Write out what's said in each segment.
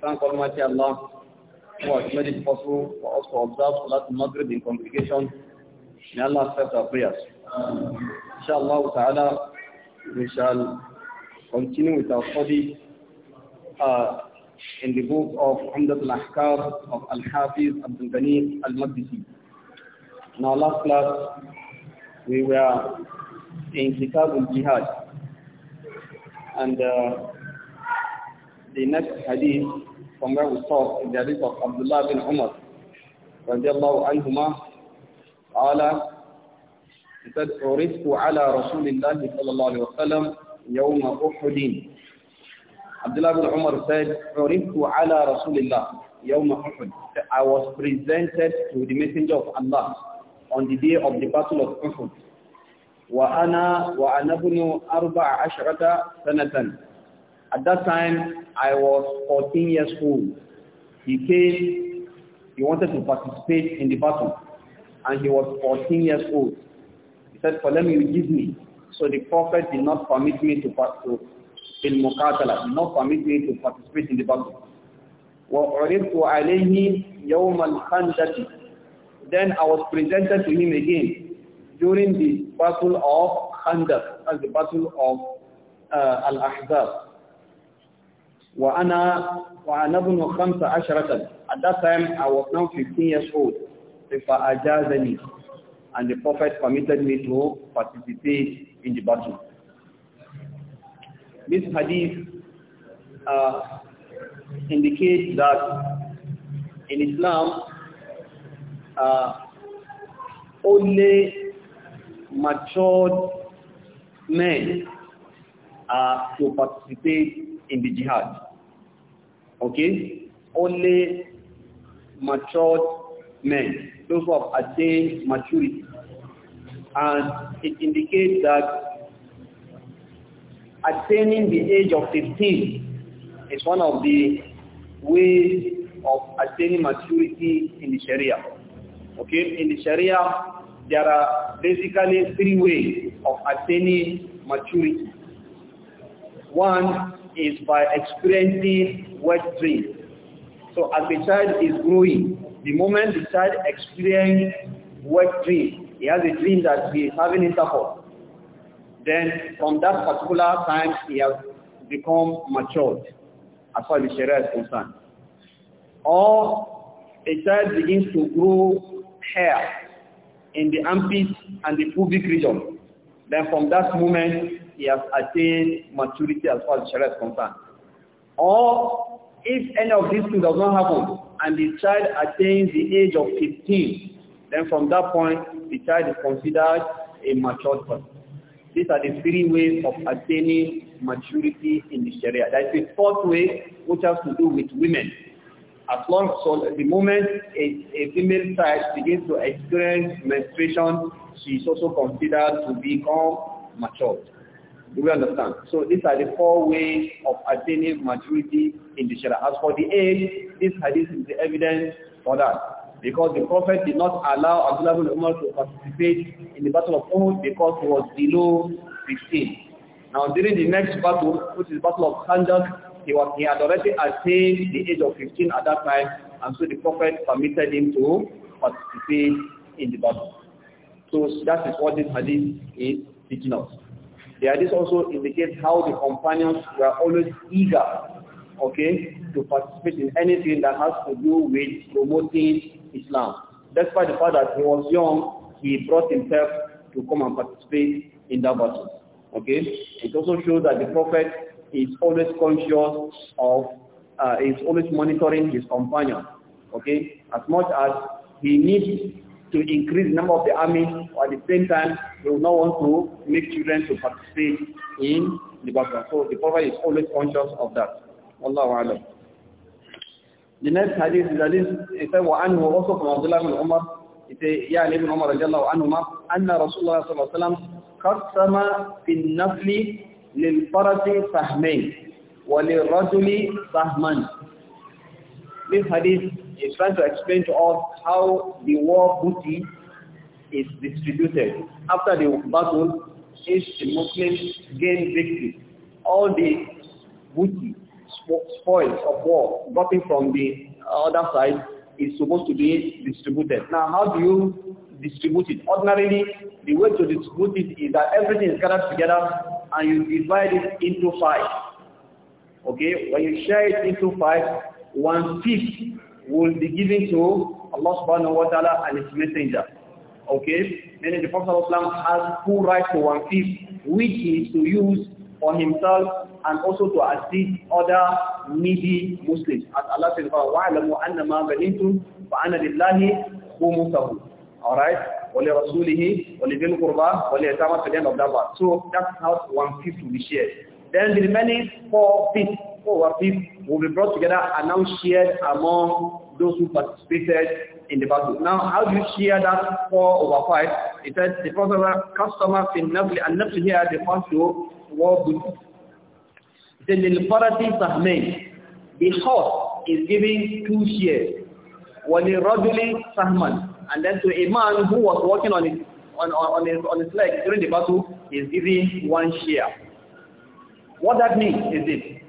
thank Almighty Allah who has made it possible for us to observe Salat Maghrib in congregation. May Allah accept our prayers. Inshallah ta'ala, we shall continue with our study uh, in the book of Umdat al-Ahkar of Al-Hafiz Abdul Ghani al-Maqdisi. In our last class, we were in Kitab al-Jihad and uh, the next hadith from where we saw in the hadith of Abdullah bin Umar radiallahu he said Abdullah bin Umar said I was presented to the messenger of Allah on the day of the battle of Uhud وأنا وأنا ابن أربع عشرة سنة at that time, I was 14 years old. He came, he wanted to participate in the battle, and he was 14 years old. He said, Falem, you give me. So the Prophet did not permit me to participate in Muqatala, did not permit me to participate in the battle. وَعُرِبْتُ عَلَيْهِ يَوْمَ الْخَنْدَةِ Then I was presented to him again during the battle of Khandaq, as the battle of uh, Al-Ahzab. وأنا وأنا ابن خمسة عشرة At that time, I was now 15 years old. فأجازني And the Prophet permitted me to participate in the battle. This hadith uh, indicates that in Islam, uh, only matured men are to participate in the jihad. Okay? Only matured men, those who have attained maturity. And it indicates that attaining the age of 15 is one of the ways of attaining maturity in the Sharia. Okay, in the Sharia, there are basically three ways of attaining maturity. One is by experiencing wet dreams. So as the child is growing, the moment the child experiences wet dreams, he has a dream that he is having intercourse. Then from that particular time, he has become matured as far as the Sharia is concerned. Or a child begins to grow hair in the armpit and the pubic region. Then from that moment, he has attained maturity as far as Sharia is concerned. Or if any of these things does not happen and the child attains the age of 15, then from that point, the child is considered a mature person. These are the three ways of attaining maturity in the Sharia. There is a fourth way which has to do with women. As long so the moment a, a female child begins to experience menstruation, she is also considered to become mature. Do we understand? So these are the four ways of attaining maturity in the Sharia. As for the age, this hadith is the evidence for that. Because the Prophet did not allow Abdullah ibn Umar to participate in the Battle of Uhud because he was below 16. Now during the next battle, which is Battle of Khandaq, he, was, he had already attained the age of 15 at that time, and so the Prophet permitted him to participate in the battle. So that is what this hadith is teaching us. The this also indicates how the companions were always eager, okay, to participate in anything that has to do with promoting Islam. Despite the fact that he was young, he brought himself to come and participate in that battle. Okay? It also shows that the Prophet is always conscious of, uh, is always monitoring his companion. Okay? As much as he needs to increase the number of the army, or at the same time, they will not want to make children to participate in the battle. So the Prophet is always conscious of that. Allahu Alam. The next hadith is hadith, it says, وَعَنْهُ also from Abdullah ibn Umar, it says, يَا لِبْنُ عُمَرَ جَلَّهُ عَنْهُمَا أَنَّ رَسُولَ اللَّهِ صَلَّى اللَّهُ عَلَيْهِ وَسَلَّمْ قَسَّمَ فِي النَّفْلِ لِلْفَرَسِ سَهْمَيْنِ وَلِلرَّجُلِ سَهْمًا This hadith is trying to explain to us how the war booty is distributed. After the battle, each Muslims gain victory. All the booty, spoils of war gotten from the other side is supposed to be distributed. Now, how do you distribute it? Ordinarily, the way to distribute it is that everything is gathered together and you divide it into five. Okay, when you share it into five, one fifth will be given to Allah subhanahu wa ta'ala and his messenger. Okay? Meaning the Prophet has full right to one fifth, which is to use for himself and also to assist other needy Muslims. As Allah says, وَعْلَمُوا أَنَّمَا بَنِنْتُمْ فَأَنَا لِلَّهِ خُمُسَهُ Alright? وَلِرَسُولِهِ وَلِذِي الْقُرْبَى وَلِيَتَامَ to the end of that verse. So that's how one fifth will be shared. Then the remaining four fifths four five will be brought together and now shared among those who participated in the battle. Now, how do you share that four over five? It says the customer, customer in Nafli, and Nafli here refers to war good. It says, لِلْفَرَةِ سَهْمَيْنِ The horse is giving two shares. وَلِرَجُلِ سَهْمًا And then to a man who was working on his, on, on, his, on his leg during the battle is giving one share. What that means is this.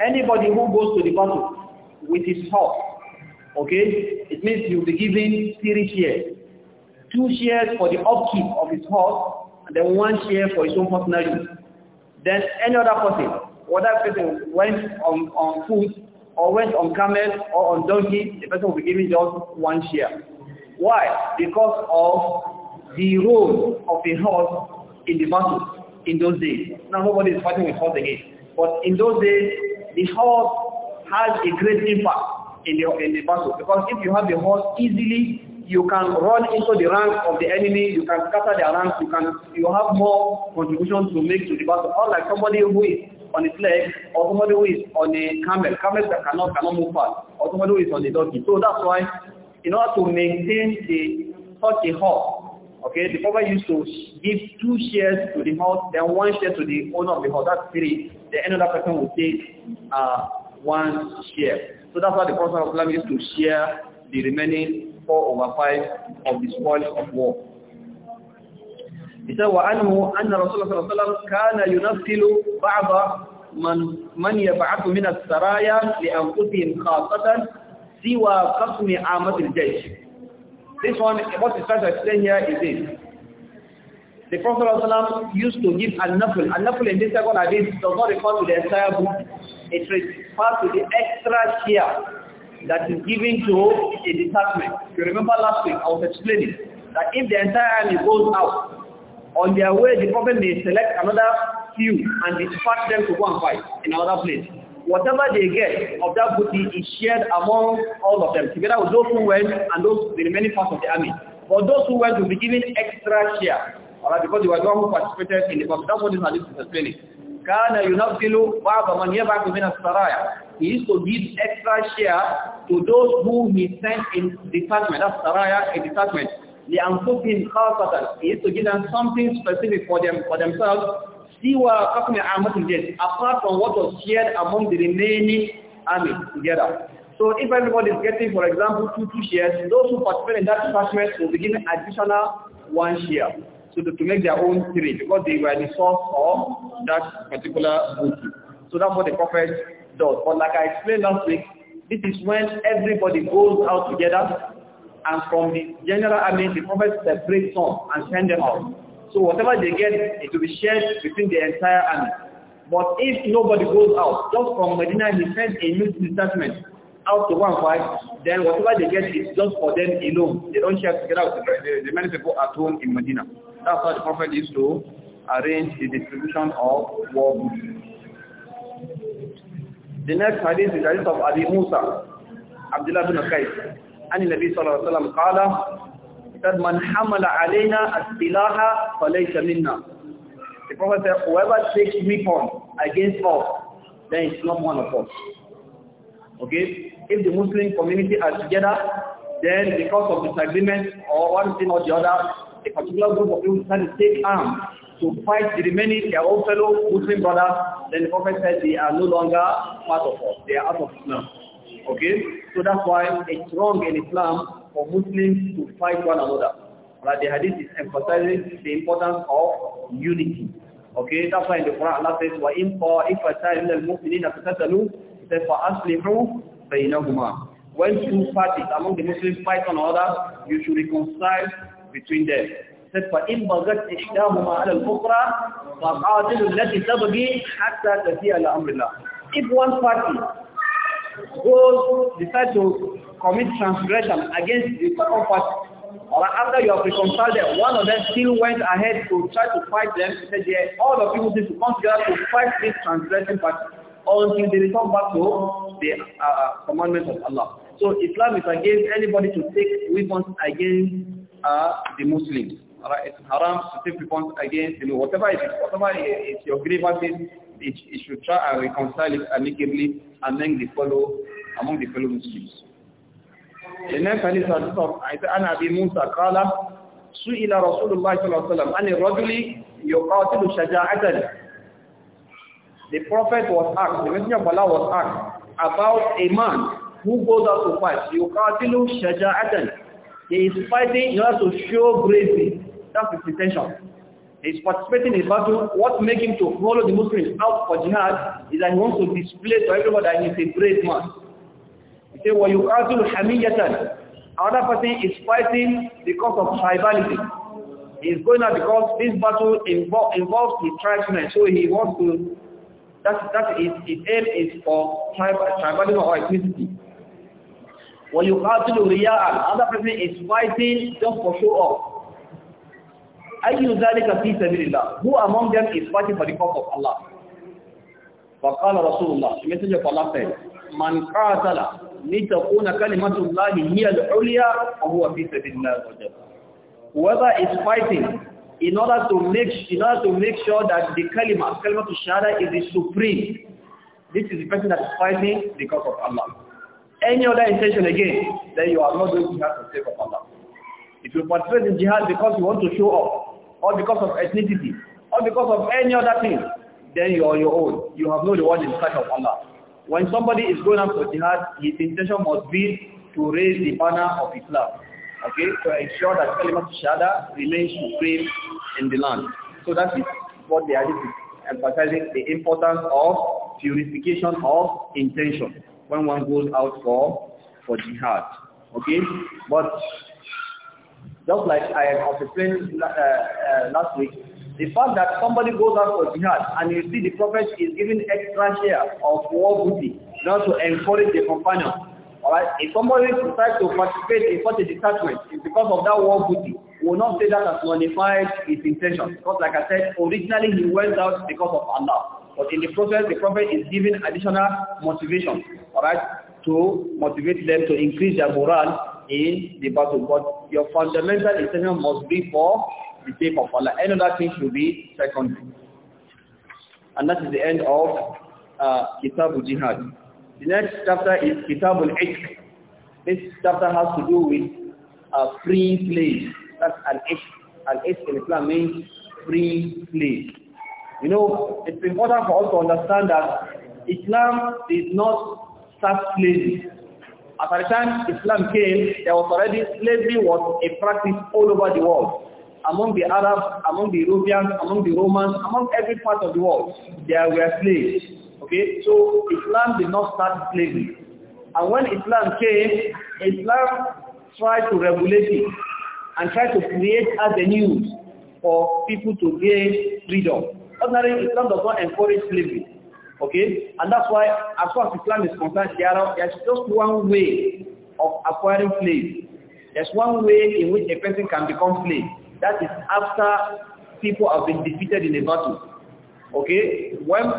Anybody who goes to the battle with his horse, okay, it means you'll be given three shares. Two shares for the upkeep of his horse, and then one share for his own personal use. Then any other person, whether person went on, on foot, or went on camel, or on donkey, the person will be given just one share. Why? Because of the role of a horse in the battle in those days. Now nobody is fighting with horse again. But in those days, the horse has a great impact in the, in the battle. Because if you have the horse easily, you can run into the ranks of the enemy, you can scatter their ranks, you can you have more contribution to make to the battle. Unlike somebody who is on his leg or somebody who is on a camel. Camels that cannot cannot move fast or somebody who is on a donkey. So that's why in order to maintain the such a horse, okay, the prophet used to give two shares to the horse, then one share to the owner of the horse. That's three. The another person will take uh, one share. So that's why the Prophet of Islam used to share the remaining four over five of the spoil of war. He said, وَأَنْهُ أَنَّ رَسُولَ صَلَى اللَّهُ عَلَيْهِ وَسَلَّمَ كَانَ يُنَفِّلُ بَعْضَ مَنْ مَنْ يَبْعَثُ مِنَ السَّرَايَا لِأَنْفُسِهِمْ خَاصَةً سِوَى قَسْمِ عَامَةِ الْجَيْشِ This one, what is trying to explain here is this. The Prophet ﷺ used to give an-nafl. An-nafl in this second hadith does not refer to the entire book. It refers to the extra share that is given to a detachment. If you remember last week, I was explaining that if the entire army goes out, on their way the Prophet may select another few and dispatch them to go and fight in another place. Whatever they get of that booty is shared among all of them, together with those who went and those the remaining parts of the army. For those who went will be given extra share. Alright, because they were the one who participated in the conflict. That's what this hadith is explaining. كَانَ يُنَفِّلُ بَعْضَ مَنْ يَبَعْضُ مِنَ السَّرَايَا He used to give extra share to those who he sent in detachment. That's saraya, a detachment. لأنفسهم خاصة. He used to give them something specific for them for themselves. See what قَسْمِ عَامَةِ did, Apart from what was shared among the remaining army together. So if everybody is getting, for example, two, two shares, those who participate in that detachment will be given additional one share so to make their own theory because they were the source of that particular booty. So that's what the prophet does. But like I explained last week, this is when everybody goes out together and from the general army, the prophet separates some and send them out. So whatever they get, it will be shared between the entire army. But if nobody goes out, just from Medina, he sends a new detachment out to one five, then whatever they get is just for them alone. They don't share together with the, the many people at home in Medina. That's how the Prophet used to arrange the distribution of war The next hadith is the hadith of Abi Musa, Abdullah bin Qais. And the Nabi sallallahu alayhi wa sallam said, Man hamala alayna as-silaha falaysa minna. The Prophet said, whoever takes weapon against us, then it's not one of us. Okay? if the Muslim community are together, then because of disagreement or one thing or the other, a particular group of people decide to take arms to fight the remaining their own fellow Muslim brothers, then the Prophet said they are no longer part of us. They are out of Islam. Okay? So that's why it's wrong in Islam for Muslims to fight one another. But the hadith is emphasizing the importance of unity. Okay, that's why in the Quran Allah says, وَإِنْ طَائِفَةً مِنَ الْمُؤْمِنِينَ فَتَتَلُوا فَأَصْلِحُوا بينهما when two parties among the Muslims fight on another you should reconcile between them said فإن بغت إحداهما على الأخرى فقاتل التي تبغي حتى تفيء لأمر الله if one party goes decide to commit transgression against the second party or after you have reconciled them, one of them still went ahead to try to fight them. He said, yeah, all of you need to come together to fight this transgression party until they return back to the uh, uh commandments of Allah. So Islam is against anybody to take weapons against uh, the Muslims. Right? It's haram to take weapons against you know Whatever it is, whatever it's your grievances, it, it should try and reconcile it amicably among the fellow, among the fellow Muslims. The next hadith is from An Abi Musa قال سئل رسول الله صلى الله عليه وسلم عن الرجل يقاتل شجاعة the Prophet was asked, the Messenger of Allah was asked about a man who goes out to fight. Shaja shaja'atan. He is fighting in order to show bravery. That's his intention. He is participating in battle. What makes him to follow the Muslims out for jihad is that he wants to display to everybody that he is a brave man. He said, وَيُقَاتِلُ حَمِيَّةً Another person is fighting because of tribality. He is going out because this battle involves his tribesmen, so he wants to that, that is, its aim is for tribalism or ethnicity. When you to قاتل and other person is fighting just for show off. I أي ذلك في سبيل الله Who among them is fighting for the cause of Allah? فقال رسول الله messenger of Allah said من قاتل لتكون كلمة الله هي العليا وهو في سبيل الله Whoever is fighting in order to make in order to make sure that the kalima, kalima to shahada is the supreme. This is the person that is fighting because of Allah. Any other intention again, then you are not doing jihad for to sake of Allah. If you participate in jihad because you want to show up, or because of ethnicity, or because of any other thing, then you are your own. You have no reward in sight of Allah. When somebody is going up for jihad, his intention must be to raise the banner of Islam okay, to ensure that Kalimat Shahada remains supreme in the land. So that is what the hadith is emphasizing, the importance of purification of intention when one goes out for, for jihad. Okay, but just like I have explained uh, uh, last week, the fact that somebody goes out for jihad and you see the prophet is giving extra share of war booty not to encourage the companion Alright? If somebody decides to participate in such a detachment because of that war booty, we will not say that as nullified his intention. Because like I said, originally he went out because of Allah. But in the process, the Prophet is giving additional motivation, alright, to motivate them to increase their morale in the battle. But your fundamental intention must be for the sake of Allah. Any other thing should be secondary. And that is the end of uh, Kitab Jihad. The next chapter is Kitabul Ishq. This chapter has to do with a free play. That's an Ishq. An Ishq in Islam means free play. You know, it's important for us to understand that Islam did not start slavery. At the time Islam came, there was already slavery was a practice all over the world among the Arabs, among the Europeans, among the Romans, among every part of the world, there were slaves. Okay, so Islam did not start slavery. And when Islam came, Islam tried to regulate it and tried to create avenues for people to gain freedom. Ordinarily, Islam does not encourage slavery. Okay, and that's why, as far as Islam is concerned, there's just one way of acquiring slaves. There's one way in which a person can become slave. That is after people have been defeated in a battle. Okay, when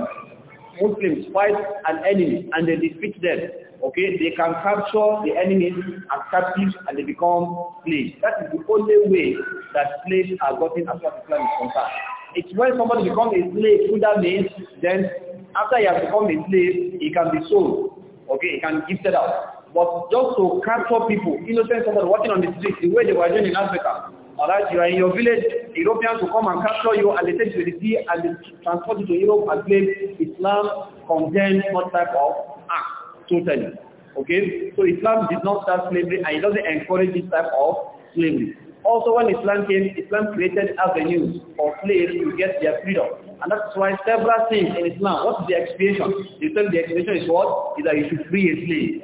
Muslims fight an enemy and they defeat them, okay, they can capture the enemies as captives and they become slaves. That is the only way that slaves are gotten as far as Islam is concerned. It's when somebody becomes a slave through that means, then after he has become a slave, he can be sold, okay, he can be gifted out. But just to capture people, innocent somebody walking on the street, the way they were doing in Africa, Alright, you are in your village, Europeans will come and capture you and they take you to the sea and they transport you to Europe and claim Islam condemns what type of act, totally. Okay, so Islam did not start slavery and it doesn't encourage this type of slavery. Also when Islam came, Islam created avenues for slaves to get their freedom. And that's why several things in Islam, What is the expiation? They tell the expiation is what? Is that you should free a slave.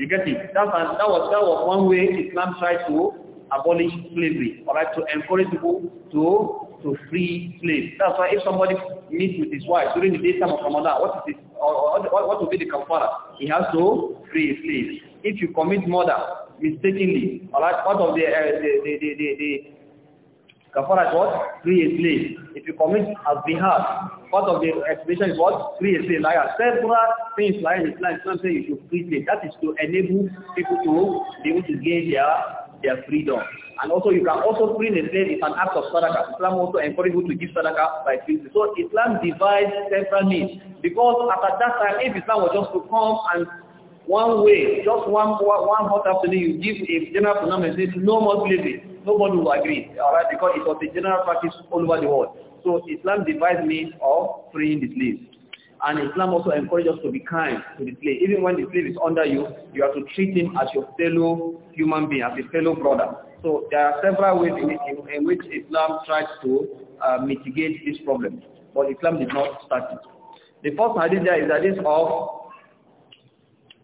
You get it? That's, that, was, that was one way Islam tried to abolish slavery, all right, to encourage people to to free slaves. That's why if somebody meets with his wife during the daytime of Ramadan, what is his, or, or, what, what will be the kafara? He has to free slaves. If you commit murder mistakenly, all right, part of the uh, the, the, the, the, the Kafara is what? Free a slave. If you commit a bihar, part of the explanation is what? Free a slave. Like I said, things like Islam, Islam saying you should free slave. That is to enable people to be able to gain their their freedom. And also you can also free the slave It's an act of sadaqah. Islam also encourages you to give sadaqah by free. So Islam divides several needs. Because at that time, if Islam was just to come and one way, just one one hot afternoon, you give a general phenomenon, say no more slavery. Nobody will agree, all right, because it was a general practice all over the world. So Islam divides means of freeing the slaves. And Islam also encourages us to be kind to the slave. Even when the slave is under you, you have to treat him as your fellow human being, as a fellow brother. So there are several ways in, in, in which Islam tries to uh, mitigate this problem. But Islam did not start it. The first hadith there is the of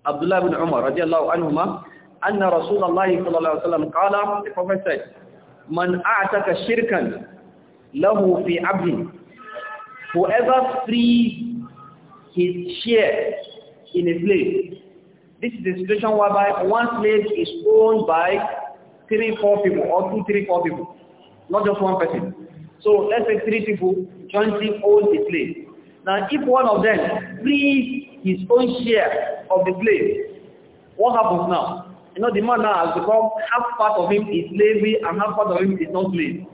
Abdullah ibn Umar radiallahu anhuma أن رسول الله صلى الله عليه وسلم قال the prophet said من أعتك شركا له في عبد whoever frees his share in a slave. This is a situation whereby one slave is owned by three, four people or two, three, four people, not just one person. So let's say three people jointly own the slave. Now if one of them frees his own share of the slave, what happens now? You know, the man now has become half part of him is slavery and half part of him is not slave.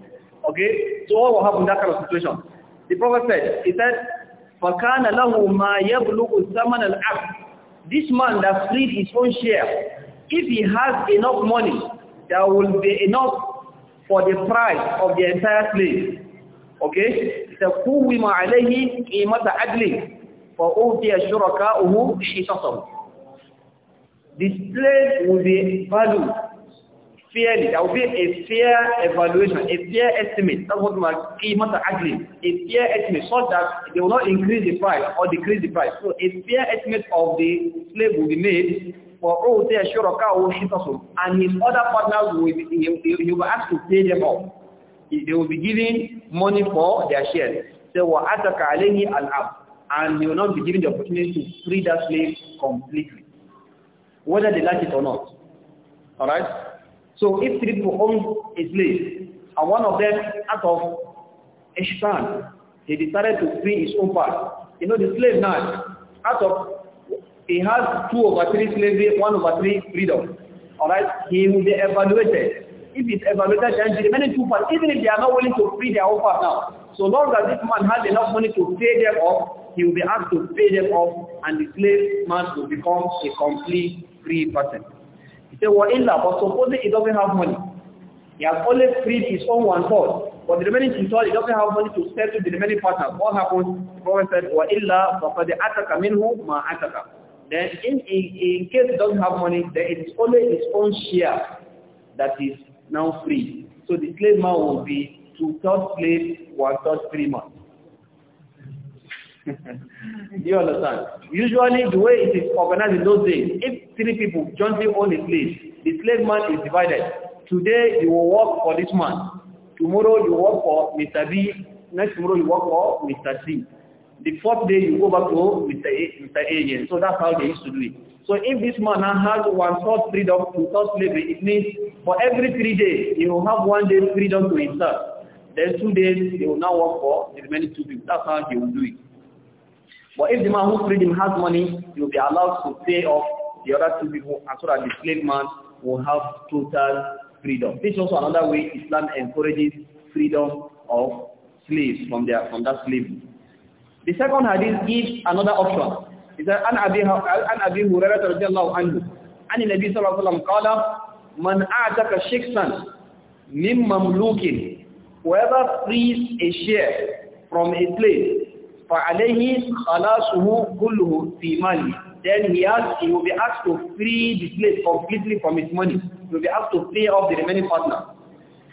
Okay? So what will happen in that kind of situation? The Prophet said, he said, فَكَانَ لَهُ مَا يَبْلُغُ ثَمَنَ الْعَبْدِ This man that freed his own share, if he has enough money, there will be enough for the price of the entire slave. Okay? for all their shuraka فَأُوْتِيَ شُرَكَاؤُهُ حِسَصَهُ The slave will be valued fairly. There will be a fair evaluation, a fair estimate. That's what Qimata Agri, a fair estimate, so that they will not increase the price or decrease the price. So a fair estimate of the slave will be made for all their Shuraka and his other partners will be, he, he will ask to pay them off. They will be giving money for their shares. So وَأَتَكَ عَلَيْهِ الْعَبْدِ And he will not be given the opportunity to free that slave completely, whether they like it or not. Alright? So if three people own a slave, and one of them out of Ishtan, he decided to free his own part. You know, the slave now, out of, he has two over three slavery, one over three freedom. Alright, he will be evaluated. If it's evaluated, then the remaining two parts, even if they are not willing to free their own part now, so long as this man has enough money to pay them off, he will be asked to pay them off, and the slave man will become a complete free person. He said, well, illa, but supposing he doesn't have money. He has only freed his own one third, but the remaining two third, he doesn't have money to sell to the remaining partner. What happens? The Prophet said, wa illa, faqad ataka minhu ma ataka. Then in, in, in case he doesn't have money, then it is only his own share that is now free. So the slave man will be two-thirds slave, one-third free man. Do you understand? Usually the way it is organized in those days, if three people jointly own a place, the slave man is divided. Today you will work for this man. Tomorrow you work for Mr. B. Next tomorrow you work for Mr. C. The fourth day you go back to Mr. A, Mr. A again. So that's how they used to do it. So if this man has one third freedom to third slavery, it means for every three days he will have one day freedom to himself. Then two days he will now work for the remaining two people. That's how he will do it. But if the man who freed him has money, he will be allowed to pay off the other two people and so that the slave man will have total freedom. This is also another way Islam encourages freedom of slaves from their from that slavery. The second hadith gives another option. It says, "An Abi An Abi Hurairah radhiyallahu anhu, an Nabi sallallahu alaihi wasallam qala, man a'taka shiksan min mamlukin, whoever frees a share from a slave, فعليه خلاصه كله في money. Then he has, he will be asked to free the slave completely from his money. He will be asked to pay off the remaining partner.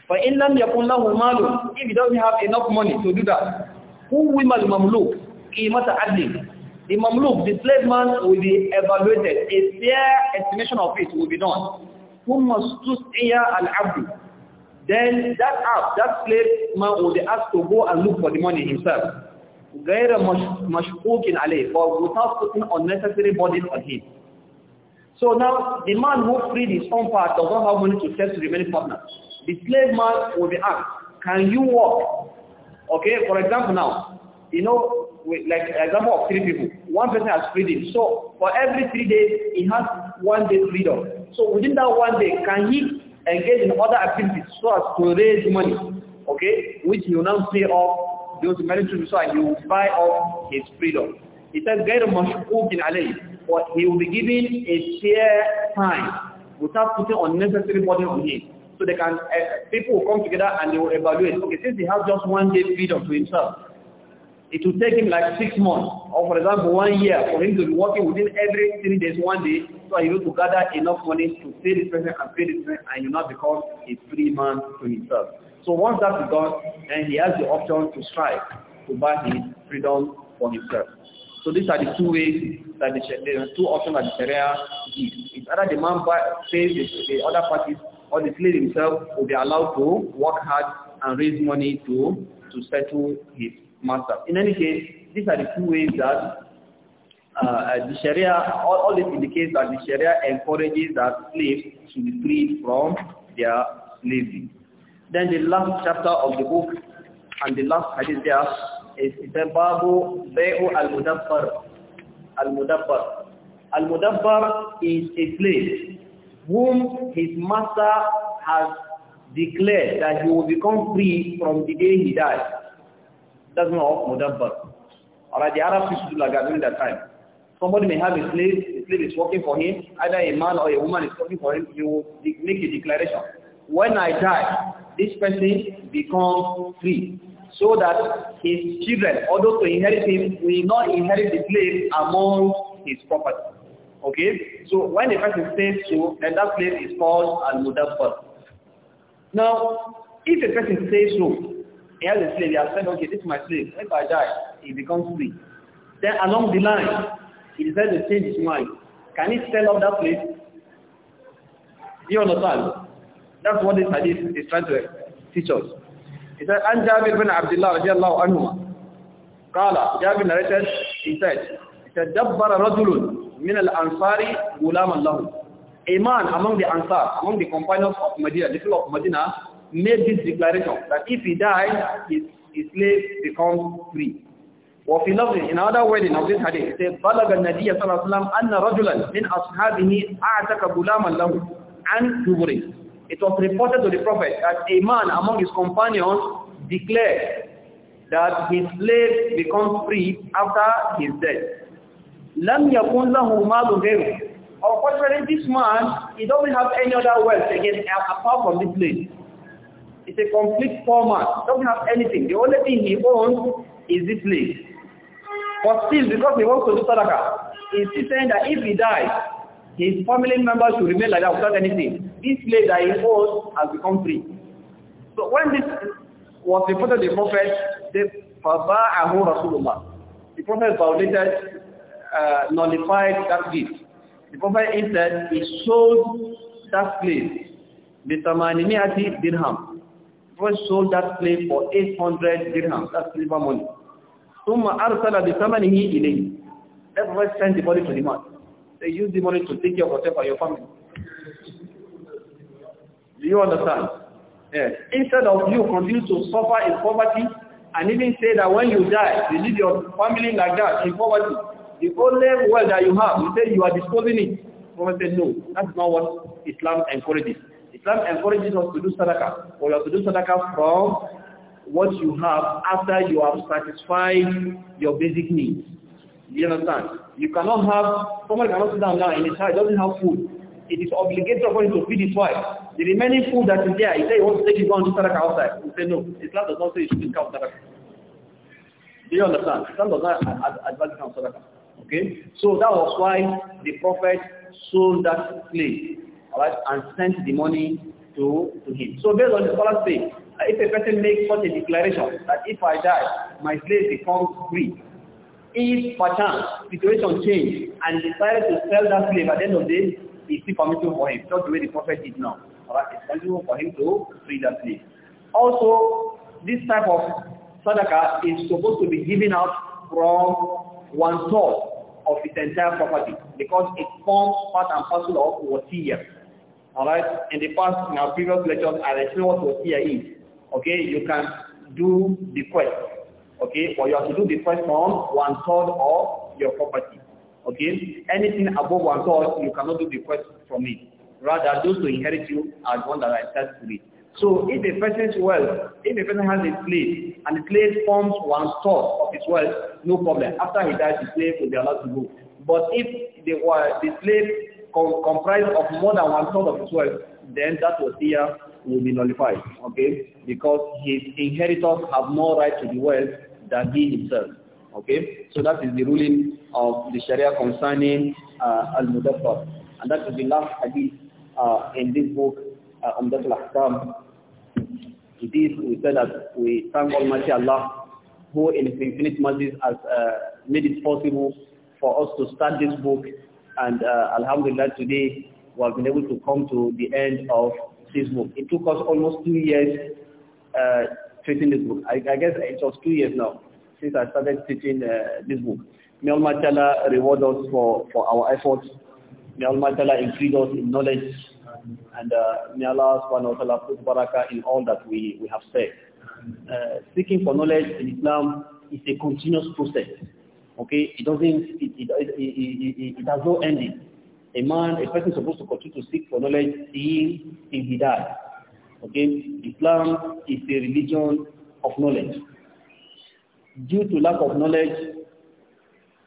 فَإِنْ لَمْ يَكُنْ لَهُ مَالٌ If he doesn't have enough money to do that, who will mamluk must عَدْلٍ The mamluk, the slave man, will be evaluated. A fair estimation of it will be done. ثُمَّ اسْتُسْعِيَ الْعَبْدُ Then that app, that slave man will be asked to go and look for the money himself. غير مشقوق عليه for without putting unnecessary bodies on him. So now the man who freed his own part does not have money to sell to the many partners. The slave man will be asked, can you work? Okay, for example now, you know, like example of three people, one person has freedom. So for every three days, he has one day freedom. So within that one day, can he engage in other activities so as to raise money? Okay, which you now pay off those military He will buy off his freedom. He says, غير مشكوك عليه, but he will be given a fair time without putting unnecessary burden on him. So they can, uh, people will come together and they will evaluate, okay, since he has just one day freedom to himself, it will take him like six months, or for example, one year, for him to be working within every three days, one day, so he will to gather enough money to pay this person and pay this person, and you not become a free man to himself. So once that is done, then he has the option to strike to buy his freedom for himself. So these are the two ways that the, the two options that the Sharia gives. It's either the man pays the, the other parties or the slave himself will be allowed to work hard and raise money to, to settle his master. In any case, these are the two ways that uh, the Sharia, all, all this indicates that the Sharia encourages that slaves should be freed from their slavery. Then the last chapter of the book and the last hadith there is the Babu Bay'u al-Mudabbar. Al-Mudabbar. Al-Mudabbar is a slave whom his master has declared that he will become free from the day he dies. That's not Mudabbar. Alright, the Arab people do like that during that time. Somebody may have a slave, a slave is working for him, either a man or a woman is working for him, he will make a declaration when I die, this person becomes free so that his children, although to inherit him, will not inherit the place among his property. Okay? So when a person says so, then that place is called al-mudabbal. Now, if a person says so, he has a slave, he has said, okay, this is my slave. If I die, he becomes free. Then along the line, he decides to change his mind. Can he sell off that place? Do you understand? That's what this hadith is trying to teach us. He said, and Jabir bin Abdullah radiallahu anhu, Qala, Jabir narrated, he said, he said, Dabbara rajulun min al-ansari gulam allahu. A man among the Ansar, among the companions of Medina, the people of Medina, made this declaration that if he dies, his, his slave becomes free. وفي لفظ in other wording of this hadith say بلغ النبي صلى الله عليه وسلم أن رجلا من أصحابه أعتق غلاما له عن كبره it was reported to the Prophet that a man among his companions declared that his slave becomes free after his death. لم يكن له مال or this man, he doesn't have any other wealth again apart from this slave. It's a complete poor man. Doesn't have anything. The only thing he owns is this slave. But still, because he wants to do sadaka, he's still saying that if he dies, His family members should remain like that without anything. This slave that he owns has become free. So when this was reported to the Prophet, the Faba'ahu Rasulullah. The Prophet violated, uh, nullified that gift. The Prophet instead, he sold that slave, Bitamanimiyati dirham. The Prophet sold that slave for 800 dirham, that's silver money. ثم أرسل بثمنه إليه. That Prophet sent the body to the man. They use the money to take care of whatever your family. Do you understand? Yes. Instead of you continue to suffer in poverty and even say that when you die, you leave your family like that in poverty. The only wealth that you have, you say you are disposing it. Prophet said, no, that's not what Islam encourages. Islam encourages us to do sadaqah. Or you have to do sadaqah from what you have after you have satisfied your basic needs. You understand? You cannot have, someone cannot sit down now and his child doesn't have food. It is obligatory for him to feed his wife. The remaining food that is there, he said he wants to take it down to outside. He said no. Islam does not say you should take out Do you understand? Islam does not advise on Sadaka. Okay? So that was why the Prophet sold that slave alright, and sent the money to, to him. So based on the scholars say, if a person makes such a declaration that if I die, my slave becomes free, if perchance situation changed and decided to sell that slave at the end of the day, it's still permissible for him, just the way the prophet did now. Alright, it's permissible for him to free that slave. Also, this type of sadaka is supposed to be given out from one source of its entire property because it forms part and parcel of wasiyah. Alright, in the past, in our previous lectures, I explained what wasiyah is. Okay, you can do the quest Okay, but you have to do the first one one third of your property. Okay, anything above one third, you cannot do the first from it. Rather, those who inherit you are the ones that are attached to it. So if a person's wealth, if a person has a slave, and the slave forms one third of his wealth, no problem. After he dies, the slave will be allowed to go. But if the, the slave com comprised of more than one third of his wealth, then that here will be nullified, okay? Because his inheritors have no right to the wealth than he himself. Okay, so that is the ruling of the Sharia concerning uh, Al-Mudaffar. And that is the last hadith uh, in this book, uh, Umdat al-Ahkam. It is, we say that we thank Almighty Allah who in His infinite mercy has uh, made it possible for us to start this book. And uh, Alhamdulillah, today we have been able to come to the end of this book. It took us almost two years uh, teaching this book. I, I guess it was two years now since I started teaching uh, this book. May Almighty Allah reward us for, for our efforts. May Almighty Allah increase us in knowledge. And uh, may Allah subhanahu wa ta'ala put barakah in all that we, we have said. Uh, seeking for knowledge in Islam is a continuous process. Okay, it doesn't, it, it, it, it, it has no ending. A man, a person is supposed to continue to seek for knowledge till, till he dies. Okay, Islam is a religion of knowledge. Due to lack of knowledge,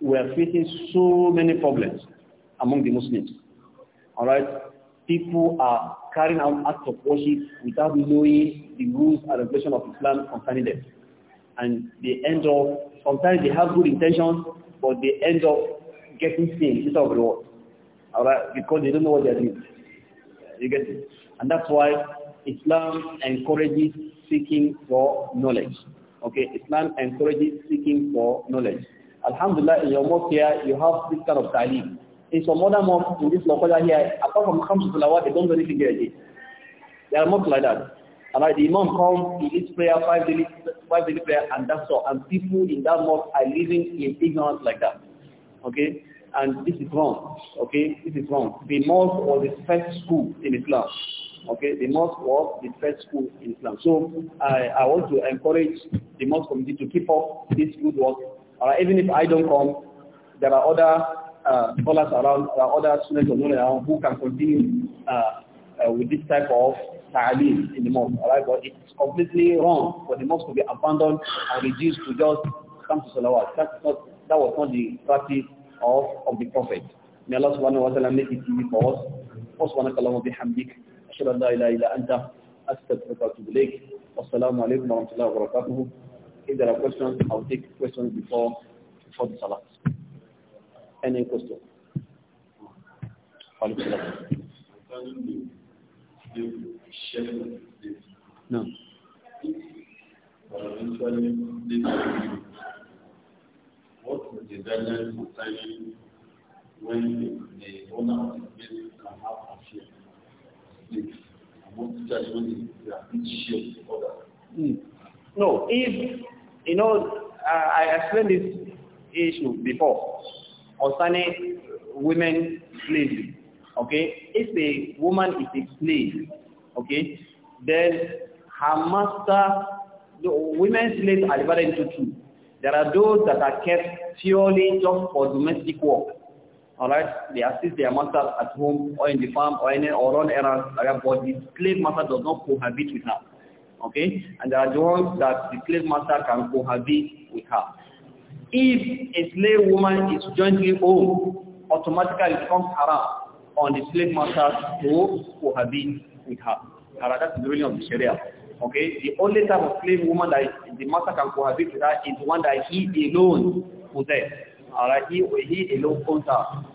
we are facing so many problems among the Muslims. All right, people are carrying out acts of worship without knowing the rules and regulations of Islam concerning them, and they end up. Sometimes they have good intentions, but they end up getting sin instead of reward. All right, because they don't know what they are doing. You get it, and that's why Islam encourages seeking for knowledge. Okay, Islam encourages seeking for knowledge. Alhamdulillah, in your mosque here, you have this kind of ta'lim. In some other mosques, in this local here, apart from Khamsu Salawat, they don't do anything it. There are mosques like that. And the imam comes, he leads prayer, five daily, five daily prayer, and that's all. And people in that mosque are living in ignorance like that. Okay? And this is wrong. Okay? This is wrong. The mosque was the first school in Islam. Okay, the mosque was the first school in Islam. So I, I want to encourage the mosque committee to keep up this good work. Right, even if I don't come, there are other uh, scholars around, there are other students around who can continue uh, uh, with this type of ta'aleem in the mosque. All right, but it's completely wrong for the mosque to be abandoned and reduced to just come to salawat. That's not, that was not the practice of, of the Prophet. May Allah subhanahu wa ta'ala make it easy for us. وسبحانك اللهم وبحمدك أشهد أن لا إله إلا أنت أستغفرك وأتوب إليك والسلام عليكم ورحمة الله وبركاته If there are questions, I'll take questions before before the salah. Any question? No. the when the owner of the business can have a share? Hmm. No, if, you know, uh, I explained this issue before concerning women slaves? okay? If a woman is a slave, okay, then her master, the women slaves are divided into two. There are those that are kept purely just for domestic work, all right, they assist their master at home or in the farm or any or on errands, but the slave master does not cohabit with her. Okay? And there are the ones that the slave master can cohabit with her. If a slave woman is jointly owned, automatically it becomes haram on the slave master to cohabit with her. that's the ruling of the Sharia. Okay? The only type of slave woman that the master can cohabit with her is one that he alone possesses. Alright, he, he alone counts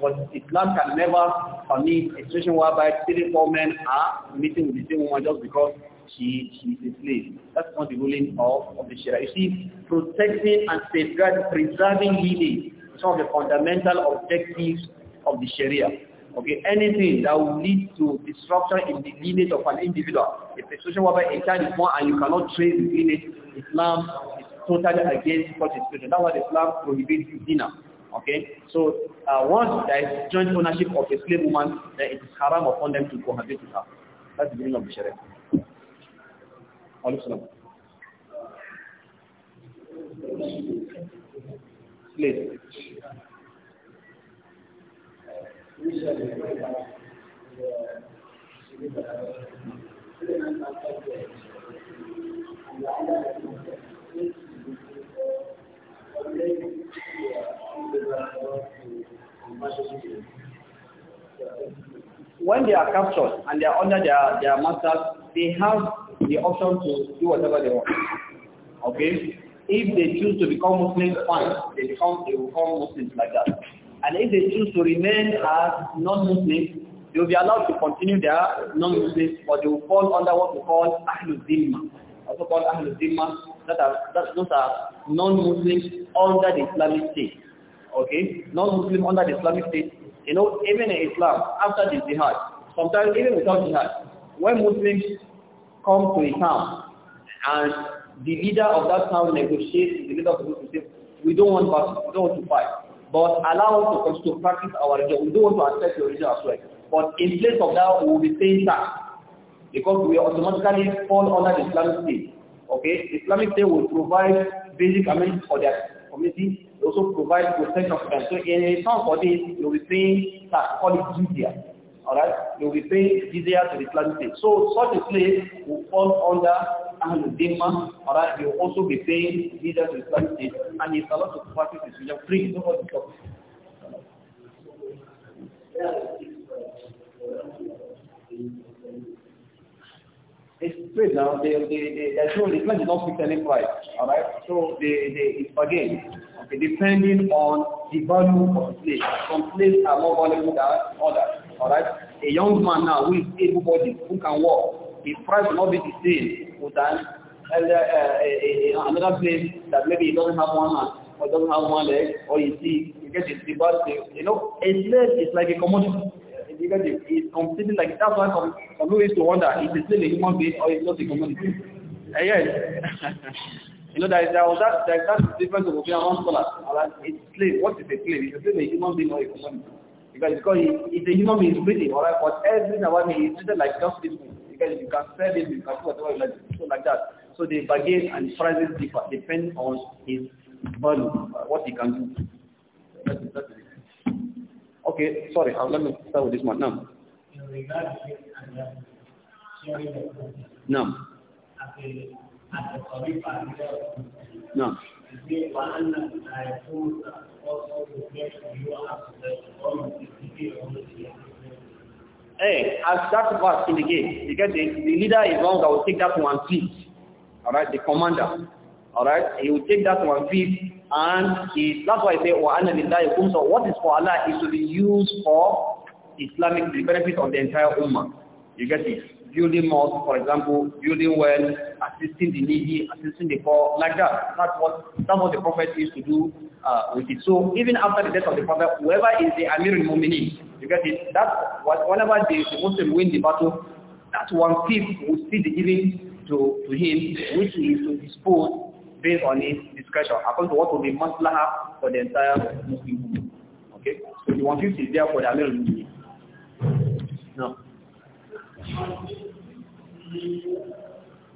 But Islam can never permit a situation whereby three, four men are meeting with the same woman just because she, she is a slave. That's not the ruling of, of the Sharia. You see, protecting and safeguarding, preserving healing is one of the fundamental objectives of the Sharia. Okay, anything that will lead to disruption in the lineage of an individual. If a situation whereby a child is born and you cannot trace the lineage, Islam is totally against such a situation. That's why Islam prohibits dinner. Okay? So uh, once there is joint ownership of a slave woman, then it is haram upon them to cohabit with her. That's the beginning of the Sharia. Slave. Thank you. When they are captured and they are under their, their masters, they have the option to do whatever they want. Okay? If they choose to become Muslims, fine. They, become, they will become Muslims like that. And if they choose to remain as non-Muslims, they will be allowed to continue their non-Muslims, but they will fall under what we call Ahlul Zimma. Also called Ahlul Zimma, that are, that, those are non-Muslims under the Islamic state okay, non-Muslim under the Islamic State, you know, even in Islam, after the jihad, sometimes even without jihad, when Muslims come to a town and the leader of that town negotiates with the leader of the Muslim, we don't want battle, we don't want to fight, but allow us to, to practice our religion. We don't want to accept your religion as well. But in place of that, we will be paying tax because we automatically fall under the Islamic State. Okay, Islamic State will provide basic amenities for their community it also provides protection for them. So in some for this, you'll be paying call it easier, Alright? You'll be paying to the Islamic State. So such a place will fall under Ahlul Dhimma. Alright? You'll also be paying jizya to the Islamic State. And it's a lot of practice which religion free. Nobody stops. Yeah. It's trade now. They, they, they, there's no, the client is not fixed any price. All right. So they, they, it's bargain. Okay. Depending on the value of the slave. Some slaves are more valuable than others. All right. A young man now who is body who can walk, his price will not be the same with an elder, uh, a, uh, a, uh, another slave that maybe he doesn't have one hand or doesn't have one leg or you see, you get the bad thing. You know, a slave is like a commodity because it it is completely like that's why some some people used to wonder if it's still a human being or it's not a human being. Uh, yes. you know there is there was that there is that difference of opinion among scholars. Like, it's slave. What is a slave? Is a slave a human being or a human being? Because it's called it's a human being, it's breathing, alright, but everything about him is treated like just this thing. Because you can sell it, you can do whatever you like, so like that. So the bargain and prices depend on his value, uh, what he can do. That's, that's Okay, sorry, i uh, let me start with this one. Now. Now. Now. Hey, as that verse indicates, you get the, the leader is wrong, I will take that one seat. All right, the commander. Alright? He will take that one fifth and he, that's why I say, وَأَنَّ لِلَّهِ So what is for Allah is to be used for Islamic, the benefit of the entire Ummah. You get it? Building mosques, for example, building wells, assisting the needy, assisting the poor, like that. That's what, that's what the Prophet used to do uh, with it. So even after the death of the Prophet, whoever is the Amir al-Muminin, you get it? That's what, whenever the, the Muslim win the battle, that one fifth will still be given to, to him, which is to dispose based on his discretion, according to what will be maslaha for the entire Muslim community. Okay? So the 150 is there for the Amir No. No.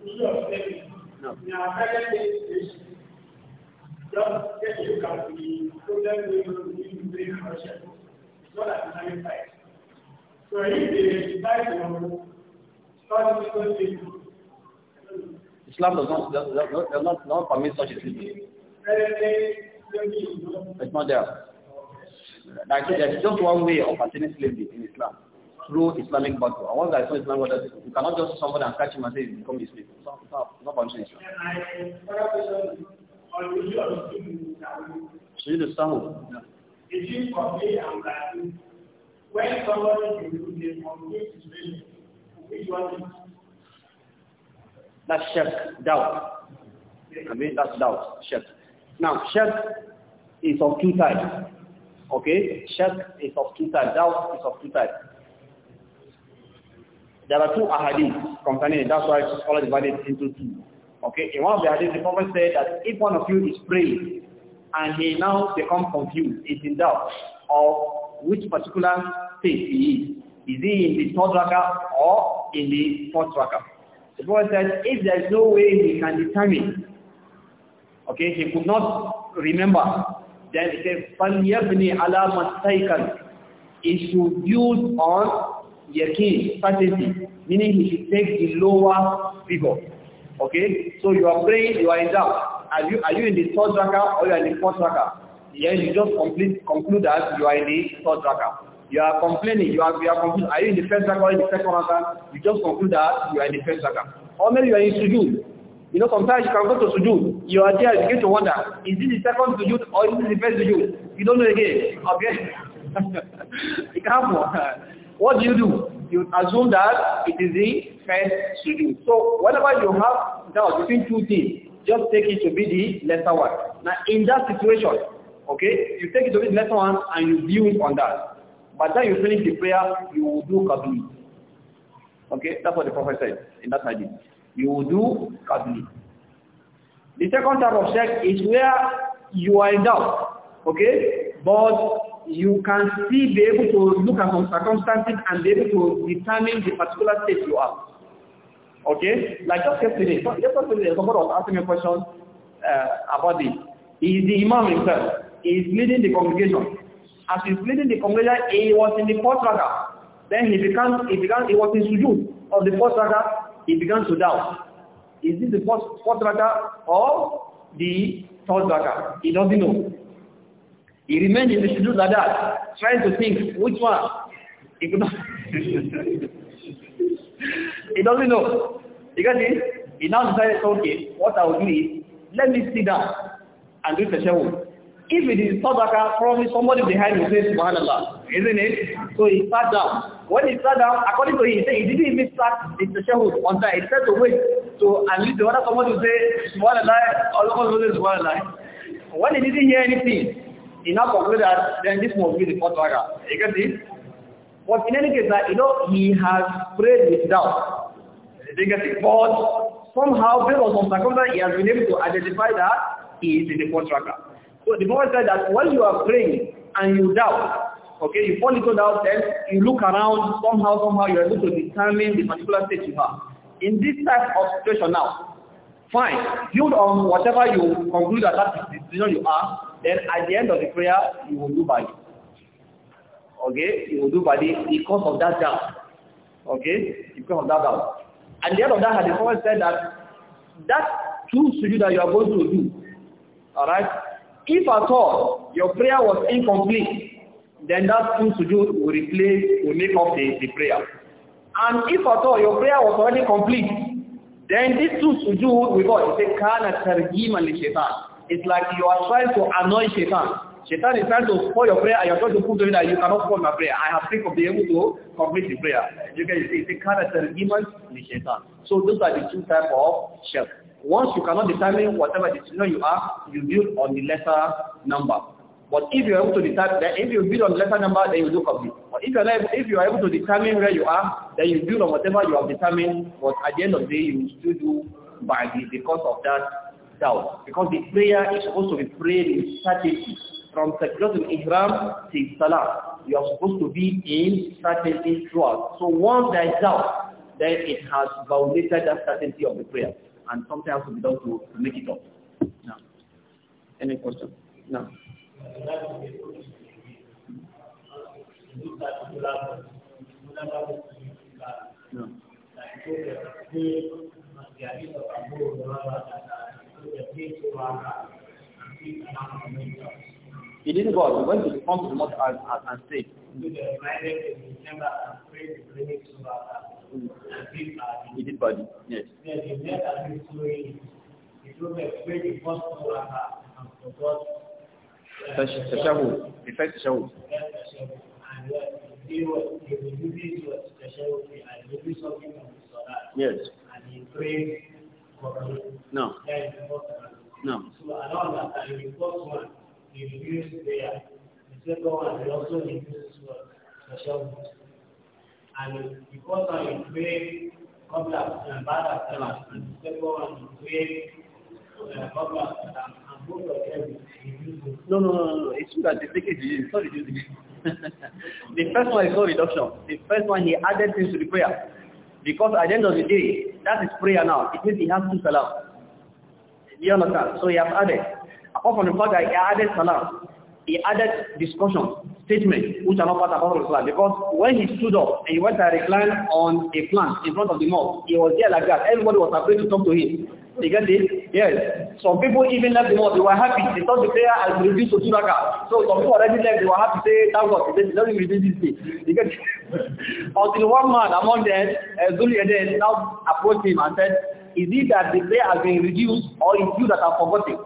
So if they decide to start Islam does not, does, does, does not, not permit such a thing. It's not there. Actually, there's just one way of attaining slavery in Islam, through Islamic background. And once there is no Islamic background, you cannot just someone and catch him and say he's become a slave. It's not, it's not, it's Islam. So you do sahu. It is for me and that when somebody is in a situation, which one is that's shirk, doubt. I mean, that's doubt, shirk. Now, shirk is of two types. Okay? Shirk is of two types. Doubt is of two types. There are two ahadith concerning it. That's why it's all divided into two. Okay? In one of the hadith, the Prophet said that if one of you is praying and he now becomes confused, is in doubt of which particular state he is. Is he in the third raka or in the fourth raka? The boy says, if there's no way he can determine, okay, he could not remember, then he said, فَلْيَبْنِ عَلَى مَسْتَيْكَنْ He should build on yakin certainty, meaning he should take the lower figure. Okay, so you are praying, you are in doubt. Are you, are you in the third tracker or you are in the fourth tracker? Then you just complete, conclude that you are in the third tracker." You are complaining. You are, you are confused. Are you in the first zakah or in the second rakah? You just conclude that you are in the first zakah. Or maybe you are in sujood. You know, sometimes you can go to sujood. You are there, you get to wonder, is this the second sujood or is this the first sujood? You don't know again. Okay? it happens. What do you do? You assume that it is the first sujood. So whenever you have doubt between two things, just take it to be the lesser one. Now in that situation, okay, you take it to be the lesser one and you view it on that. By the time you finish the prayer, you will do kabli. Okay, that's what the Prophet said in that hadith. You will do kabli. The second type of shirk is where you are in doubt. Okay, but you can still be able to look at some circumstances and be able to determine the particular state you are. Okay, like just yesterday, just yesterday somebody was asking a question uh, about this. He is the imam himself. He is leading the congregation as he's leading the congregation, he was in the fourth raka. Then he began, he began, he was in sujood of the fourth raka, he began to doubt. Is this the fourth, fourth raka or the third raka? He doesn't know. He remained in the sujood like that, trying to think which one. He could not. he doesn't know. You get it? He now decided, okay, what I will do is, let me sit down and do the shahwud. If it is sadaqah, probably somebody behind will say subhanallah, isn't it? So he sat down. When he sat down, according to him, he said he didn't even start the tashahud on time. He said to wait to at least the other someone to say subhanallah, all of us will say subhanallah. When he didn't hear anything, he now concluded that then this must be the fourth rakah. You get it? But in any case, like, you know, he has prayed with doubt. They get it. But somehow, based on some circumstance, he has been able to identify that he is in the fourth rakah. So the Prophet said that when you are praying and you doubt, okay, you fall into doubt, then you look around, somehow, somehow you are able to determine the particular state you are. In this type of situation now, fine, build on whatever you conclude that that is the decision you are, then at the end of the prayer, you will do by it. Okay, you will do by it because of that doubt. Okay, because of that doubt. And the end of that the Prophet said that that true sujood that you are going to do, all right, If at all your prayer was incomplete, then that two sujood will replace, will make up the, the prayer. And if at all your prayer was already complete, then these two sujood with God, it's a kana tarjima li shaitan. It's like you are trying to annoy shaitan. Shaitan is trying to spoil your prayer and you're trying to prove to him that you cannot spoil my prayer. I have faith of being able to complete the prayer. You can see it's a kana li shaitan. So those are the two types of shaitan. Once you cannot determine whatever decision you are, you build on the lesser number. But if you are able to determine, if you build on lesser number, then you look complete. But if you are able, if you are able to determine where you are, then you build on whatever you have determined. But at the end of the day, you still do by the because of that doubt. Because the prayer is supposed to be prayed in certainty. From Sakratul Ihram to Salah, you are supposed to be in certainty throughout. So once there is doubt, then it has violated the certainty of the prayer and something has to be done to, to make it up. Now, any question? Now. No. He didn't go out. He went to the pump as much as, as, as safe. Yes. body, yes. Yes, Yes. No. No. So that the first one, The second one, and the first one is pray Qabla and Bada Salah, and the second one is pray Qabla and both of them no, no, no, no, it's true that the linkage is sorry, the first one is no reduction. The first one he added things to the prayer. Because at the end of the day, that is prayer now. It means he has two salam. You understand? So he has added. Apart from the fact that he added salam, he added discussion statement which are not part of Prophet Islam because when he stood up and he went to recline on a plant in front of the mosque, he was there like that. Everybody was afraid to talk to him. You get this? Yes. Some people even left the mosque. They were happy. They thought the prayer has reduced to two raka. So some people already left. They were happy to say, thank God. They doesn't reduce this thing. You get it? Until one man among them, uh, eh, Eden, now approached him and said, is it that the prayer has been reduced or is you that have forgotten?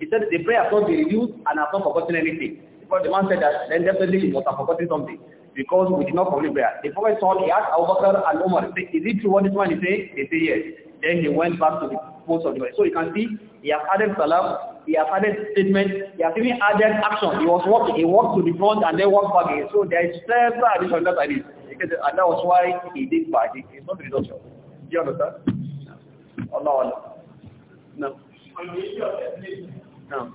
He said, the prayer has not been reduced and has not forgotten anything. Because the man said that, then definitely he must have forgotten something. Because we did not complete prayer. The Prophet saw, he asked Abu Bakr and Umar, is it true what this man is saying? They say yes. Then he went back to the post of the So you can see, he has added salam, he has added statement, he has even added action. He was walking, he walked to the front and then walked back again. So there is several additions that I did. And that was why he did it. It's not reduction. Do you understand? Allah Allah. No. No.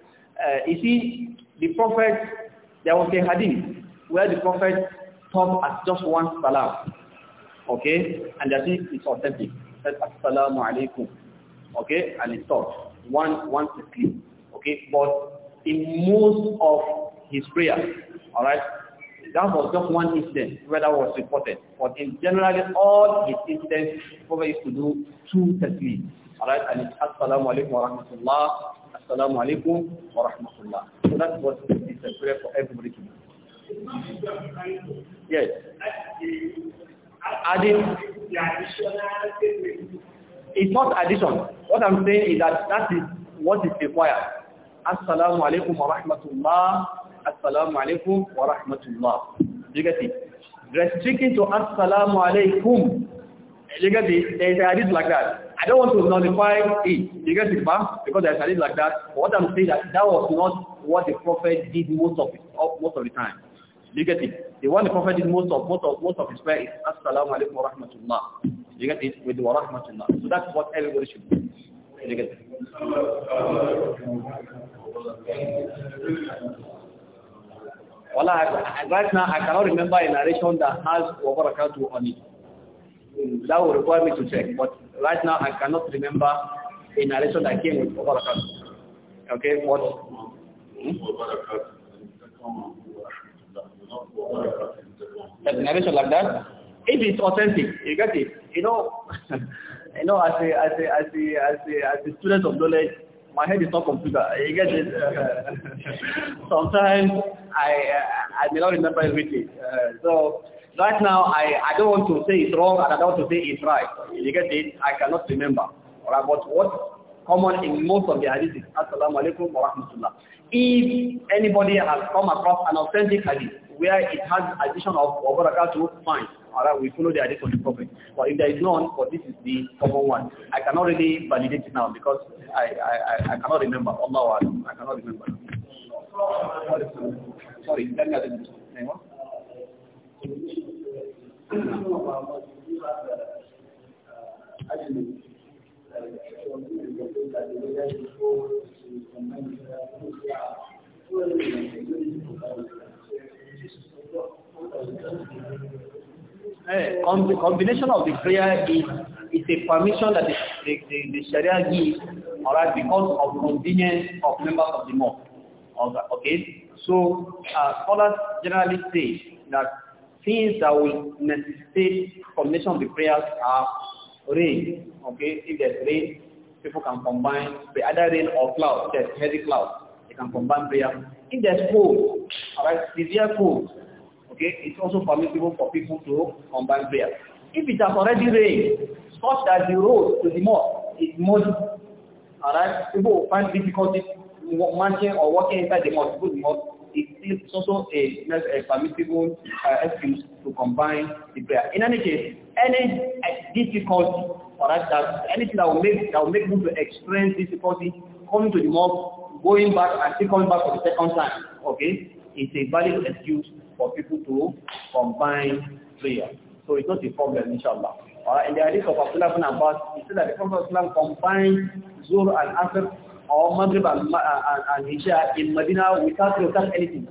Uh, you see, the Prophet, there was a hadith where the Prophet stopped at just one salam. Okay? And that is it's authentic. Said, Assalamu alaikum. Okay? And it stopped. One, one clear. Okay? But in most of his prayers, alright, that was just one incident where that was reported. But in general, all his incidents, Prophet used to do two tasleeps. Alright? And it's Assalamu alaikum wa rahmatullah Assalamu alaikum wa rahmatullah. So that's what is a prayer for everybody to do. Yes. Adding it's not addition. What I'm saying is that that is what is required. Assalamu alaikum wa rahmatullah. Assalamu alaikum wa rahmatullah. You get it? Restricting to assalamu alaikum. You get it? There is a hadith like that. I don't want to nullify it, you get it, man? Because I said it like that. But what I'm saying that that was not what the prophet did most of it, most of the time. You get it? The one the prophet did most of most of most of his prayer is Assalamu alaikum wa rahmatullah. You get it with wa rahmatullah. So that's what everybody should do. You get it? Well, I, right now I cannot remember a narration that has wa barakatuh on it that will require me to check. But right now, I cannot remember a narration that came with Obarakat. Okay, what? Hmm? A narration like that? If it's authentic, you get it. You know, you know, as a, as a, as a, as a, as a student of knowledge, my head is not computer. You get it? sometimes I, I may not remember everything. Uh, so Right now, I, I don't want to say it's wrong and I don't want to say it's right. You get it? I cannot remember. All right, but what common in most of the hadith is Assalamu wa rahmatullah. If anybody has come across an authentic hadith where it has addition of wa barakatuh, fine. All right, we follow the hadith of the Prophet. But if there is none, but this is the common one. I cannot really validate it now because I, I, I, cannot remember. Allah I cannot remember. Sorry, tell me Hey, eh, com combination of the prayer is, is a permission that the, the, the, the Sharia gives, all right, because of convenience of members of the mosque. Okay, so uh, scholars generally say that things that will necessitate combination of the prayers are rain. Okay, if there's rain, people can combine the other rain or cloud. If there's heavy cloud, they can combine prayer. If there's cold, all right, severe cold, okay, it's also permissible for people to combine prayer. If it has already rained, such that the road to the mosque is muddy, all right, people will find difficulty marching or walking inside the mosque, the mosque it's also a, a uh, permissible uh, excuse to combine the prayer. In any case, any uh, difficulty or right, that anything that will make that will make to experience difficulty coming to the mosque, going back and still coming back for the second time, okay, it's a valid excuse for people to combine prayer. So it's not a problem, inshallah. All right, in the hadith of Abdullah ibn Abbas, he said that the Prophet combined Zul and Asr or Maghrib and, and, and Isha in Medina without without anything.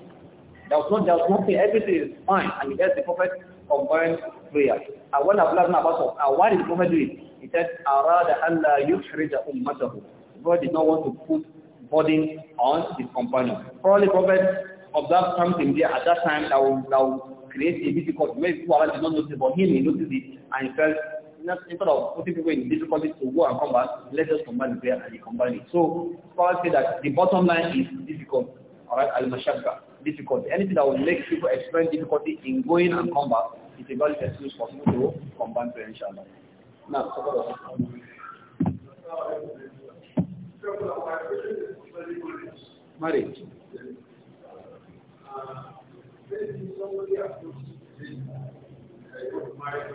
There was not there was nothing. Everything is fine, and he asked the prophet combined prayer. And when Abdullah ibn Abbas, and why did the prophet do it? He said, "Arada Allah yushrija ummatahu." God did not want to put burden on his companion. Probably prophet observed something there at that time that will, that will create a difficult way. People did not notice, but him he noticed it and he felt instead of putting people in difficulties to go and come back, let us combine the prayer and the combine it. So scholars say that the bottom line is difficult, all right, al-mashakka, difficult. Anything that will make people experience difficulty in going and come back is a valid excuse for people to combine prayer, inshallah. Now, so Marriage. Uh, somebody approaches, uh, marriage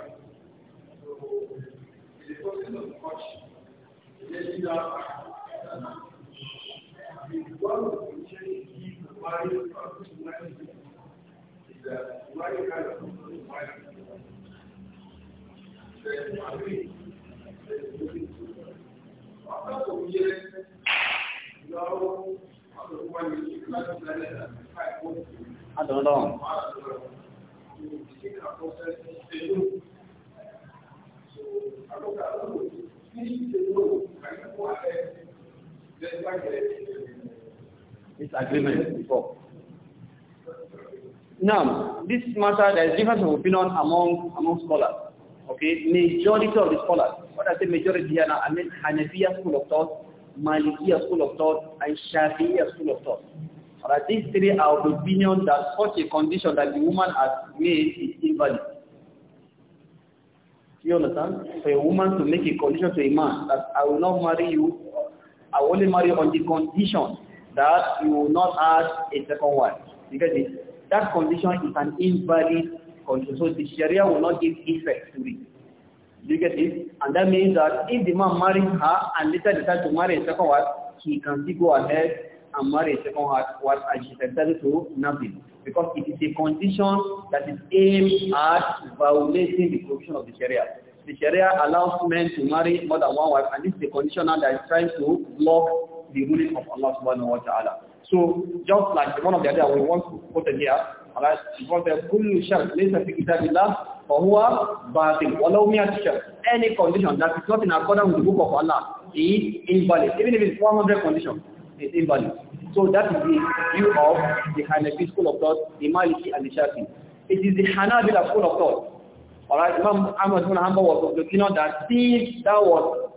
他懂不懂？agreement before. Now, this matter, there is difference of opinion among, among scholars. Okay, majority of the scholars, what I say majority here now, I mean Hanafiya school of thought, Malikiya school of thought, and Shafi'iya school of thought. But at these three are of opinion that such a condition that the woman has made is invalid. You understand? For a woman to make a condition to a man that I will not marry you, I will only marry you on the condition that you will not add a second one. Because it, that condition is an invalid condition. So the Sharia will not give effect to it. You get it? And that means that if the man marries her and later decides to marry a second wife, he can still go ahead and marry a second wife and she's entitled to nothing. Because it is a condition that is aimed at violating the provision of the Sharia. The Sharia allows men to marry more than one wife and this is a condition that is trying to block the ruling of Allah subhanahu wa ta'ala. So just like one of the other we want to put in here, Allah wants to كل شرط ليس في كتاب الله فهو باطل ولو مئة شرط. Any condition that is not in accordance with the book of Allah is invalid. Even if it's 100 conditions, it's invalid. So that is the view of the Hanafi school of thought, the Maliki and the Shafi. It is the Hanabila school of thought. Alright, Imam Ahmad ibn Hanbal was of the opinion that since that was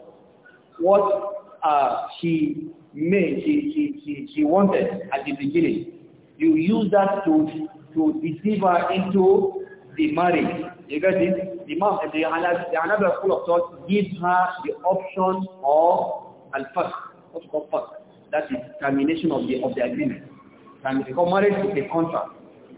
what uh, she made, she, she, she, she wanted at the beginning. You use that to, to deceive her into the marriage. You get it? The, mom the, the another school of thought gives her the option of al-faq. What's called faq? That is termination of the, of the agreement. And because marriage is a contract.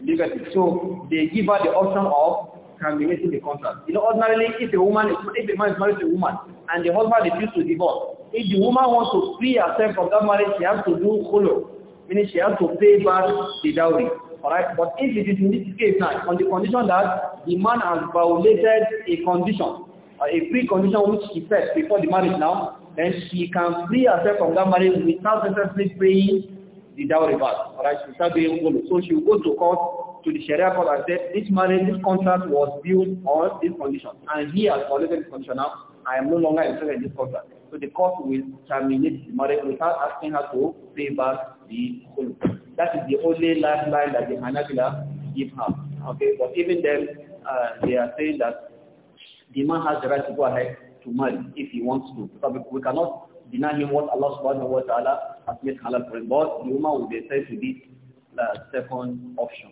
You get it? So they give her the option of can be in the contract. You know, ordinarily, if a woman, if a man is married to a woman and the husband refuses to divorce, if the woman wants to free herself from that marriage, she has to do khulu, meaning she has to pay back the dowry. Alright, but if it is in this case now, on the condition that the man has violated a condition, uh, a pre-condition which she set before the marriage now, then she can free herself from that marriage without necessarily paying the dowry back. Alright, she will start doing khulu. So she will go to court to the Sharia court and said, this marriage, this contract was built on this condition. And he has violated this condition now. I am no longer interested in this contract. So the court will terminate the marriage without asking her to pay back the full. That is the only last line that the Hanabila give her. Okay, but even then, uh, they are saying that the man has the right to go ahead to marry if he wants to. Because we cannot deny him what Allah subhanahu wa ta'ala has made halal for him. But the woman will be said to be the second option.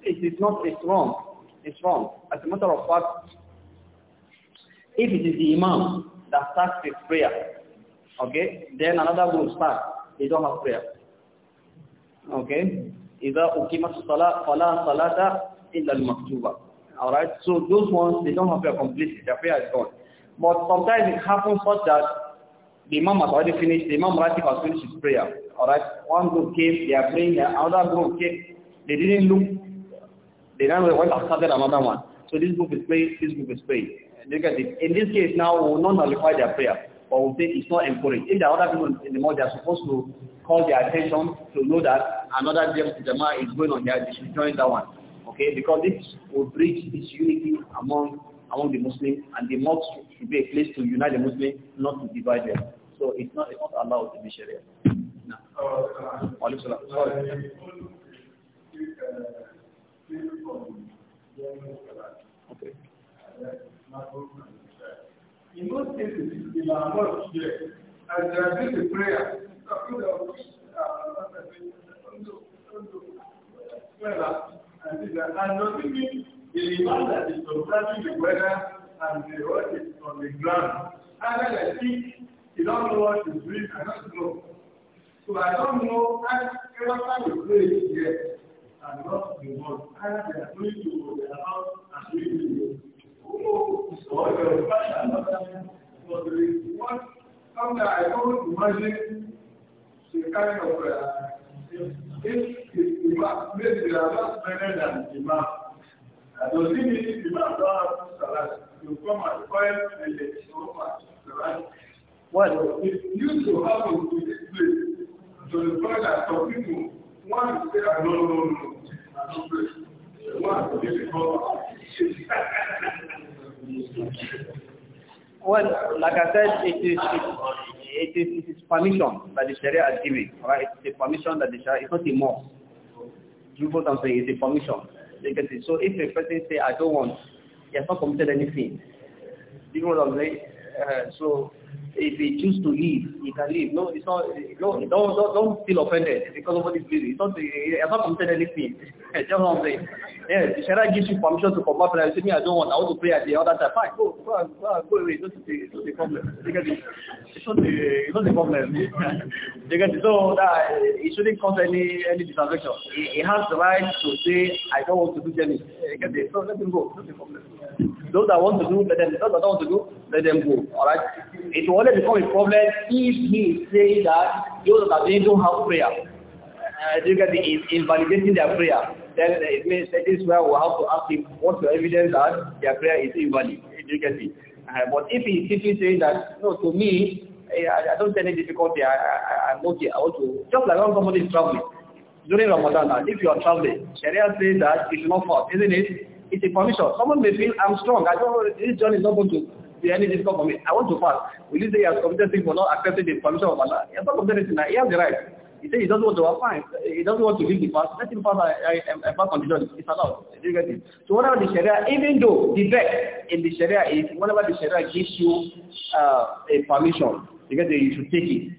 It is not, it's wrong. It's wrong. As a matter of fact, if it is the imam that starts with prayer, okay, then another will start. They don't have prayer. Okay? إذا أقيمت الصلاة فلا صلاة إلا المكتوبة all right. So those ones, they don't have to complete Their prayer is gone. But sometimes it happens such that the imam has already finished, the imam already has finished his prayer. All right. One group came, they are praying, another group came. They didn't look. They now went after started another one. So this group is praying, this group is praying. Look at it. In this case now, we will not nullify their prayer, but we say it's not encouraged. If there are other people in the mosque, they are supposed to call their attention to know that another Jamaah is going on there, they should join that one. Okay, because this will bridge this unity among among the Muslims, and the mosque should be a place to unite the Muslims, not to divide them. So it's not it's not allowed to be Sharia. No. Okay. In most cases, in our mosque as they are doing the prayer, well, and these are and nothing means the man that is observing the weather and the earth is on the ground. And then I think you don't know what I don't know. So I don't know and every time we pray here and not the world. Either they are going to their house and doing to you. Or they are fashion and but there is imagine the kind of uh, if What? Well, like I said, it is. It, it is, it is permission that the Sharia is giving, right? It's a permission that the Sharia, it's not a must. You know what I'm saying? It's a permission. It. So if a person say, I don't want, he has not committed anything. You know what I'm saying? Uh, so If they choose to leave, he can leave. No, it's not, no, don't, don't, don't feel offended because of this reason. It's not, eh, it's not committed anything. That's what I'm saying. Yes, the Sharia gives you permission to come back and say, me, I don't want, I want to pray at the other time. Fine, go, go, go, go away. It's not the, it's not the problem. It's not the, it's not the problem. because so that eh, it shouldn't cause any, any distraction. He, has the right to say, I don't want to do journey. So let him go. It's not the problem. Those that want to do, let them, those that don't want to do, let them go. All right? It will only become a problem if he is saying that those that they don't have prayer. Uh, you get the, is invalidating their prayer. Then uh, it means that is where we have to ask him what's the evidence that their prayer is invalid. You get it. Uh, but if he is simply saying that, no, to me, I, I don't see any difficulty. I, I, I'm okay. I want to, just like when somebody is traveling. During Ramadan, if you are traveling, Sharia says that it's not fast, isn't it? It's a permission. Someone may feel, I'm strong. I don't, this journey is not going to be any difficult for me. I want to fast. Will you say he has committed sin for not accepting the permission of Allah? He has not committed sin. He has the right. He says he doesn't want to have fine. He doesn't want to leave the fast. Let him fast. I, I, I fast continually. It's allowed. Do you get it? So whatever the Sharia, even though the best in the Sharia is, whenever the Sharia gives you uh, a permission, you get it, you should take it.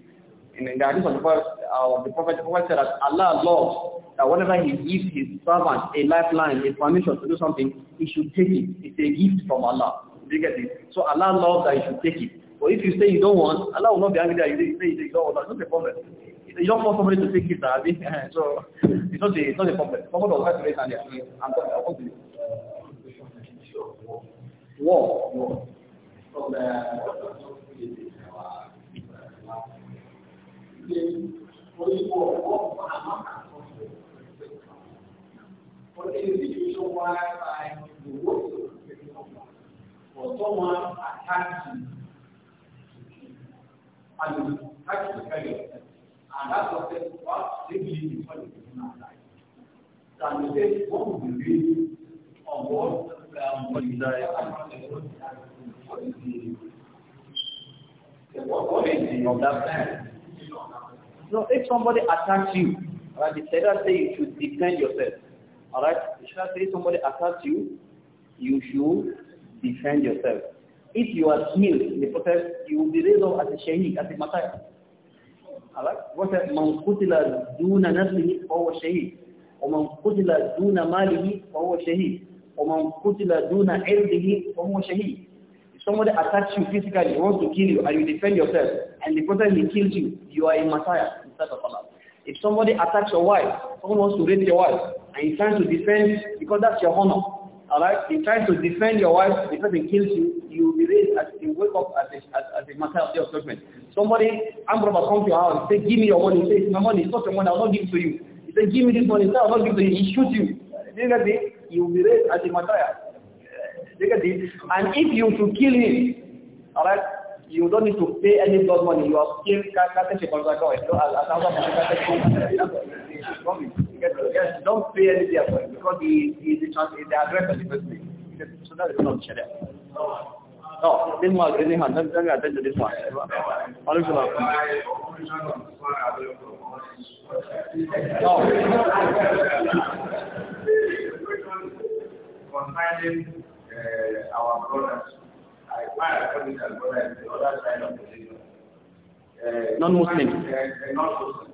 In, in the hadith of the Prophet, uh, the Prophet, the Prophet said that Allah loves that whenever he gives his servant a lifeline, a permission to do something, he should take it. It's a gift from Allah you get it? So Allah loves that you should take it. But if you say you don't want, Allah will not be angry that you say you don't want. It's not a problem. You don't want somebody to take it, Abi. so it's not a, it's not a problem. Someone will have to raise hand here. I'm talking about this. War. War. From the... For the individual wildlife, the for someone attacks you, and you attacking to defend yourself. And that was it, what they believe is what is you our life. And we say, what will be read on what um, what is the what is that No, if somebody attacks you, right, the Sharia say you should defend yourself. Alright? The Sharia say somebody attacks you, you should defend yourself. If you are killed in the protest, you will be raised up as a shaheed, as a matar. Alright? What says, من قتل دون نفسه فهو شهيد ومن قتل دون ماله فهو شهيد ومن قتل دون عرضه فهو شهيد If somebody attacks you physically, wants to kill you, and you defend yourself, and the person he kills you, you are a messiah instead of Allah. If somebody attacks your wife, someone wants to rape your wife, and you trying to defend because that's your honor, Alright? You try to defend your wife, the person kills you, you will be raised as you wake up as a, as, as a matter of your judgment. Somebody, armed robber comes to your house, say, give me your money. He says, my money, it's not your money, I'll not give it to you. He says, give me this money, I'll not give it to you. He shoots you. Do you get this? You will be raised as a matter. Do you get this? And if you to kill him, alright, you don't need to pay any blood money. You are still can't catch a contract. You know, as, Yes, don't pay any effort because he, he is the address of the So that is not Sharia. No, this one, this one, then we attend to this one. Alayhi salam. No. Concerning our brothers, I find a brother the other side of the river. Non-Muslim. Uh, non-Muslim.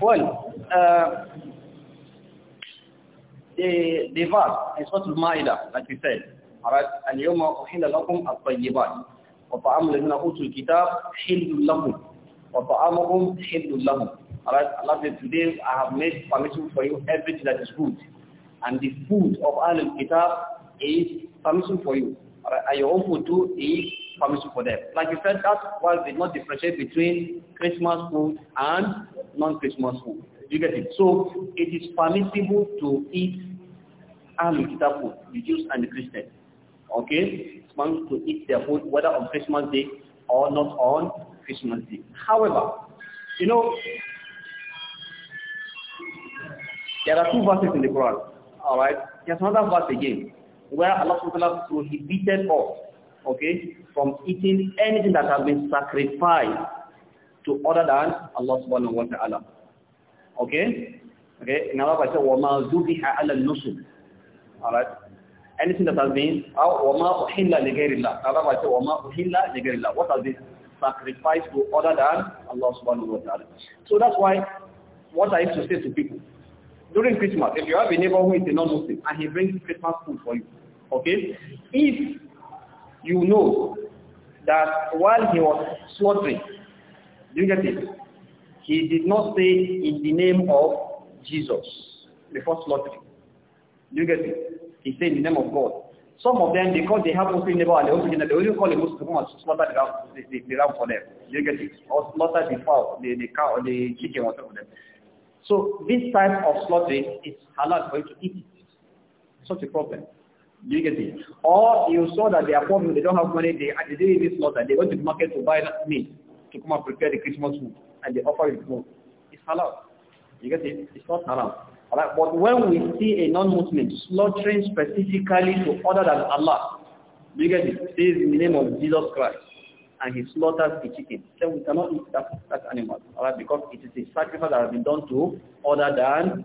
Well, uh, the, the verse is what Maida, like we said. Alright, اليوم أحل لكم الطيبات وطعام الذين أوتوا الكتاب حل لكم وطعامهم حل لهم. Alright, Allah said, today I have made permission for you everything that is good. And the food of Ahlul Kitab is permission for you. Alright, and your own food too is permissible for them. Like you said, that's why they not differentiate between Christmas food and non-Christmas food. You get it? So it is permissible to eat Ahlul Kitab food, the Jews and the Christians. Okay? It's permissible to eat their food whether on Christmas Day or not on Christmas Day. However, you know, there are two verses in the Quran. All right? There's another verse again where Allah prohibited us, okay, from eating anything that has been sacrificed to other than Allah subhanahu wa ta'ala. Okay? Okay, in Arab I say, وَمَا ذُبِحَ عَلَى النُّسُبِ Alright? Anything that has been, وَمَا أُحِلَّ لِغَيْرِ اللَّهِ In Arab I say, وَمَا أُحِلَّ لِغَيْرِ اللَّهِ What has been sacrificed to other than Allah subhanahu wa ta'ala. So that's why, what I used to say to people, during Christmas, if you have a neighbor who is a non-Muslim and he brings Christmas food for you, okay? If you know that while he was slaughtering, do you get it? He did not say in the name of Jesus before slaughtering. do You get it? He said in the name of God. Some of them, because they have Muslim neighbor and they also they only call the Muslim and slaughter the ram, the, the, the ram for them. do You get it? Or slaughter the fowl, the, the cow, or the chicken or something for them. So this type of slaughtering is halal for you to eat. Such a problem you get it? Or you saw that they are poor, they don't have money, they, they did this even slaughter, they went to the market to buy meat to come and prepare the Christmas food and they offer it more. It's halal. You get it? It's not halal. Alright, but when we see a non-Muslim slaughtering specifically to other than Allah, you get it? Says in the name of Jesus Christ and he slaughters the chicken. Then we cannot eat that, that animal, alright, because it is a sacrifice that has been done to other than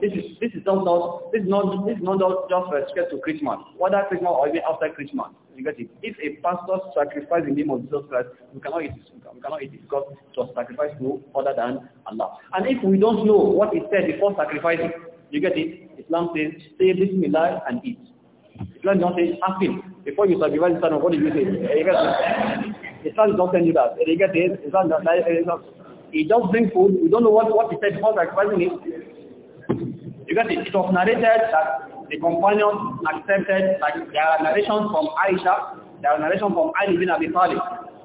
this is this is not not this is not this is not just respect to Christmas, whether Christmas or even after Christmas. You get it? If a pastor sacrifices in the name of Jesus Christ, we cannot eat We cannot eat it because it was sacrificed to other than Allah. And if we don't know what is said before sacrificing, you get it? Islam says, say Bismillah and eat. Islam does not say, ask him. Before you sacrifice Islam, what do you say? Eh, you get it? Islam does not tell you that. Eh, you get it? Islam does not, eh, He does bring food. We don't know what, what he said before sacrificing it. Because it, it was narrated that the companions accepted, like there are narrations from Aisha, there are narrations from Ali bin Abi Talib,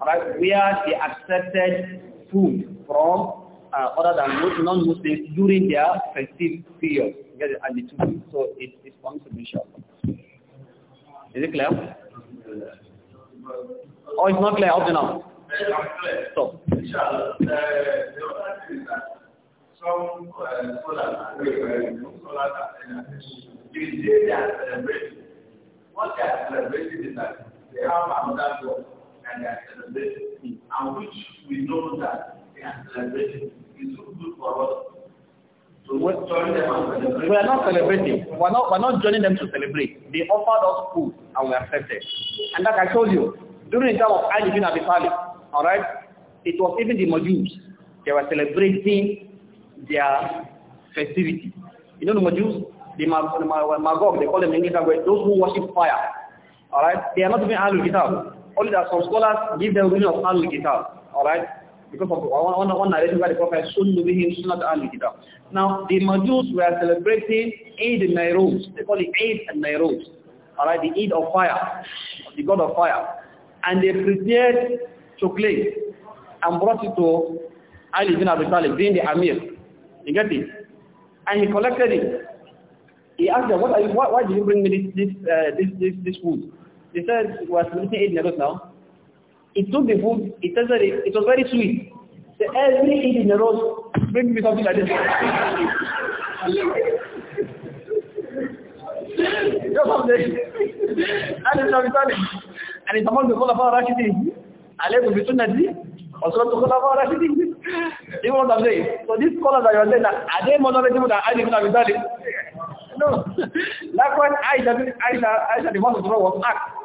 right, where they accepted food from uh, other than non-Muslims during their festive period. Because, and it. so it's permissible, Is it clear? Oh, it's not clear up to now. Stop some uh, scholars agree, well, the day they are celebrating, what they are celebrating is that they have another God and they are celebrating, and which we know that they are celebrating is good for us. So we are not celebrating. We're not, we're not joining them to celebrate. They offered us food and we accepted. And like I told you, during the time of Ali bin Abi Talib, all right, it was even the Majus. They were celebrating their festivity. You know the Majus, the Magog, they call them in English those who worship fire. Alright? They are not even Ahlul Kitab. Only that some scholars give them the meaning of Ahlul Kitab. Alright? Because of one, one, one narration by the Prophet, Sunnu bihim sunnat Ahlul Kitab. Now, the Majus were celebrating Eid al-Nairuz. They call it Eid al-Nairuz. Alright? The Eid of fire. The God of fire. And they prepared chocolate and brought it to Ali bin Abi Talib, being the Amir. He got it? And he collected it. He asked them, what are you, why, why did you bring me this, this, uh, this, this, this food? They said, we are celebrating Eid now. He took the food, he tasted it, it was very sweet. So every Eid in a row, bring me something like this. and it's among the call of our Rashidi. عليكم بسنتي Usratul Khulafa Rashidin. Even what I'm saying. So this scholars that you are saying, are they more knowledgeable than Ali ibn Abi No. Likewise, Aisha, Aisha, Aisha, the one who was asked.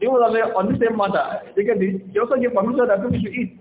Even what on the same matter, they get it. She also gave permission that people should eat.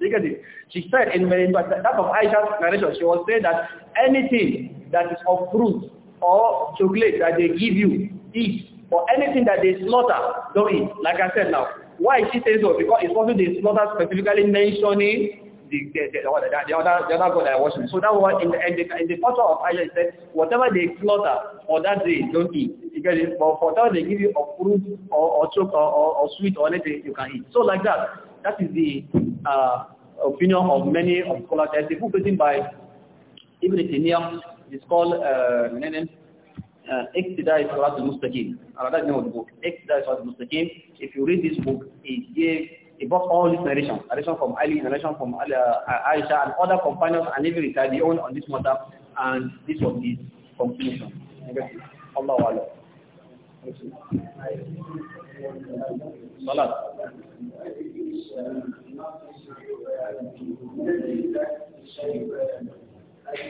They get it. She said in that of Aisha's narration, she was saying that anything that is of fruit or chocolate that they give you, eat. Or anything that they slaughter, don't eat. Like I said now, Why she says so? Because it's also the slaughter specifically mentioning the, the, the, other, the, other, the other God I worship. So that one in the, in the, in the culture of Aisha, it said, whatever they slaughter for that day, don't eat. Because for whatever they give you of fruit or, or choke or, or, or sweet or anything, you can eat. So like that, that is the uh, opinion of many of scholars. There's a book written by Ibn Taymiyyah, it's called uh, Uh, Iqtidai Surat al-Mustaqim. That is the name of the book. Iqtidai Surat al-Mustaqim. If you read this book, it gave about all this narration, narration from Ali, narration from Ali, uh, Aisha and other companions and even retired the own on this matter and this was his conclusion. Allah Allah. Salat. Thank it's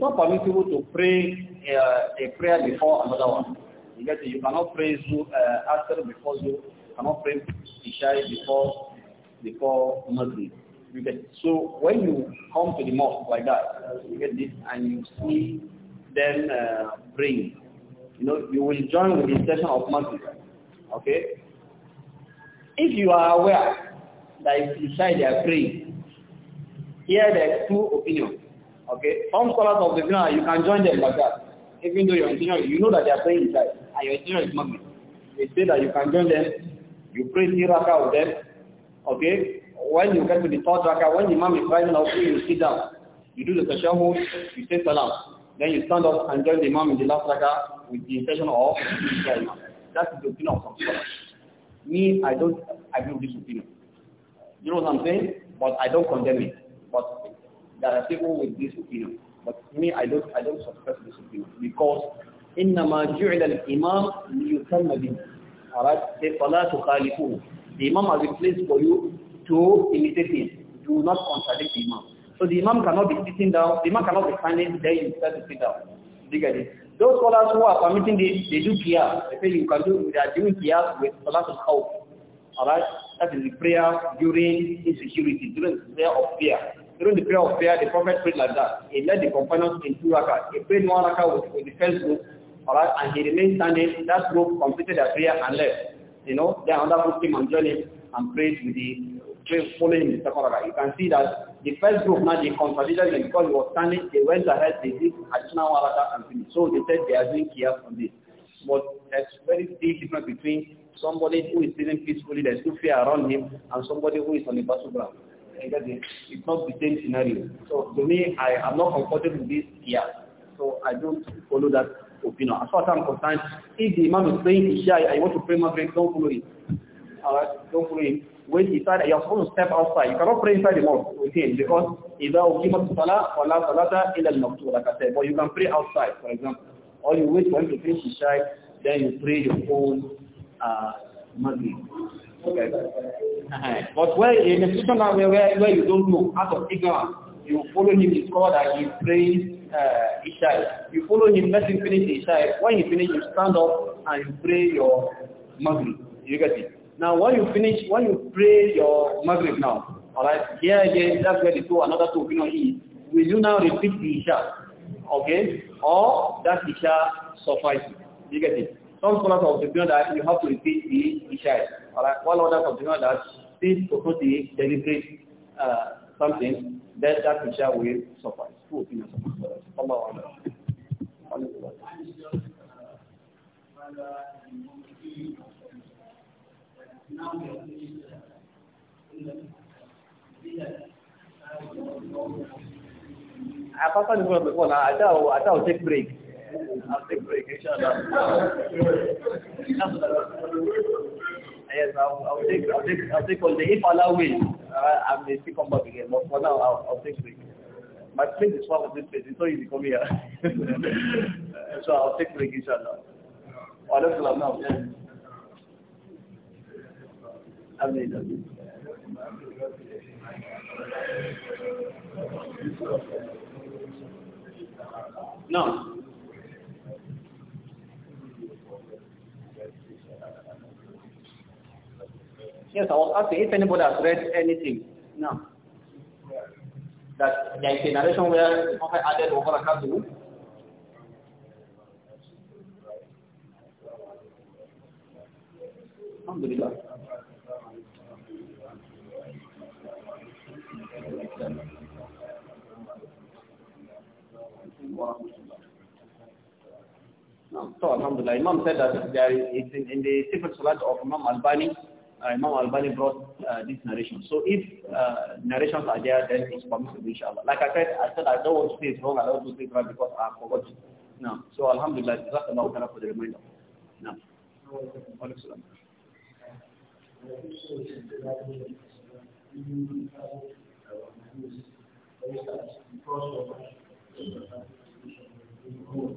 not permissible to pray uh, a prayer before another one. You get it? You cannot pray uh, after before You cannot pray Isha before before Maghrib. You get so when you come to the mosque like that, you get this, and you see them uh, praying. You know, you will join with the session of Muslims. Okay. If you are aware that if you say they are praying, here there are two opinions. Okay. Some scholars of the Vinaya, you can join them like that. Even though your intention, you know that they are praying inside, and your intention is Muslim. They say that you can join them. You pray three rakah with them. Okay when you get to the third rakah, when the Imam is rising up, you sit down. You do the tashahud, you say salam. Then you stand up and join the Imam in the last rakah with the intention of the Imam. That's the opinion of some scholars. Me, I don't agree with this opinion. You know what I'm saying? But I don't condemn it. But there are people with this opinion. But me, I don't, I don't suppress this opinion because إنما جعل الإمام ليتم به. Alright, say فلا تخالفوه. The Imam has a place for you to imitate him. Do not contradict the Imam. So the Imam cannot be sitting down, the Imam cannot be standing there instead to sit down. Look it. Those scholars who are permitting this, they do prayer. They say you can do, they are doing prayer with salat of hope. Alright? That is the prayer during insecurity, during the prayer of fear. During the prayer of fear, the Prophet prayed like that. He led the companions in two rakah. He prayed one rakah with, with the first group, alright, and he remained standing. That group completed their prayer and left. You know, then another group came and joined him and prayed with the just following Mr. second You can see that the first group now they consolidated them because they were standing, they went ahead, they did additional one and finished. So they said they are doing kiyas on this. But there's very big difference between somebody who is sitting peacefully, there's no fear around him, and somebody who is on the battleground. It's not the same scenario. So to me, I am not comfortable with this kiyas. So I don't follow that opinion. As far as I'm concerned, if the imam is praying I want to pray Maghrib, don't follow it. Alright, don't follow it when inside, you're supposed to step outside. You cannot pray inside the mosque with him because give إِذَا أُقِيمَتْ صَلَاةً فَلَا صَلَاةَ إِلَّا الْمَقْتُولَ Like I said, but you can pray outside, for example. Or you wait for him to finish his shai, then you pray your own uh, maghrib. Okay. Uh But where in a situation where, where, where you don't know, out of ignorance, you follow him, you call that he prays uh, Isha. You follow him, let him finish Isha. When he finishes, you stand up and you pray your Maghrib. You get it? Now when you finish, when you pray your Maghrib now, alright, here again, that's where the two, another two know, is. Will you now repeat the Isha? Okay? Or that Isha suffice? You get it? Some scholars of the opinion that you have to repeat the Isha. Alright? While others of the opinion that this Prophet deliberate uh, something, then that Isha will suffice. Two opinions of the scholars. I pass on the phone before now. I thought I thought i take break. I'll take break. Inshallah. yes, I'll, I'll take I'll take I'll take all day. If Allah will, I, I may still come back again. But for now, I'll, I'll take break. My place is far from this place. It's so easy come here. Ah. so I'll take break. Inshallah. Wa alaikum salam. No. yes, I was asking if anybody has read anything. No. That there is a narration where the Prophet added over a couple. Alhamdulillah. No, so Alhamdulillah, Imam said that there is, in, in the secret salat of Imam Albani. uh, Imam Albani brought uh, this narration. So if uh, narrations are there, then it's permissible, inshallah. Like I said, I said I don't want to say it's wrong, I don't want to say it's right because I forgot it. No. So Alhamdulillah, that's Allah Ta'ala for the reminder. No. Because of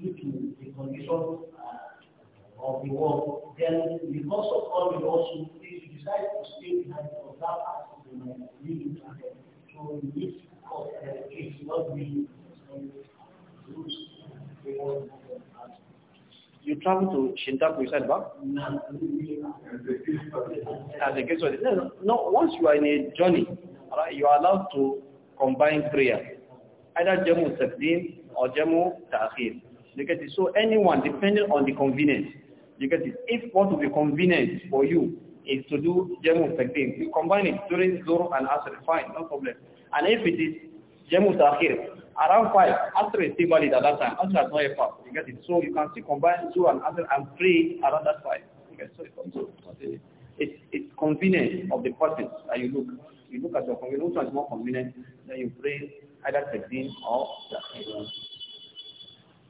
due to the condition uh, of the world, then the cost of all the also, if you decide to stay behind for that aspect, you might leave it So in this cost, uh, it's not really you travel to Shintaku, you said about? As a guest no, no, once you are in a journey, right, you are allowed to combine prayer, either Jamu Taqdeem or Jamu Ta'khir. You get it? So anyone, depending on the convenience, you get it? If what will be convenient for you is to do Jamu Takdim, you combine it during Zoro and Asr, fine, no problem. And if it is Jamu Takhir, around 5, Asr is still valid at that time. Asr has no yet you get it? So you can still combine Zoro and Asr and pray around that time. You get it? So it's, it's, it's convenient of the person that you look. You look at your convenience, which one is more convenient, then you pray either Takdim or Takhir.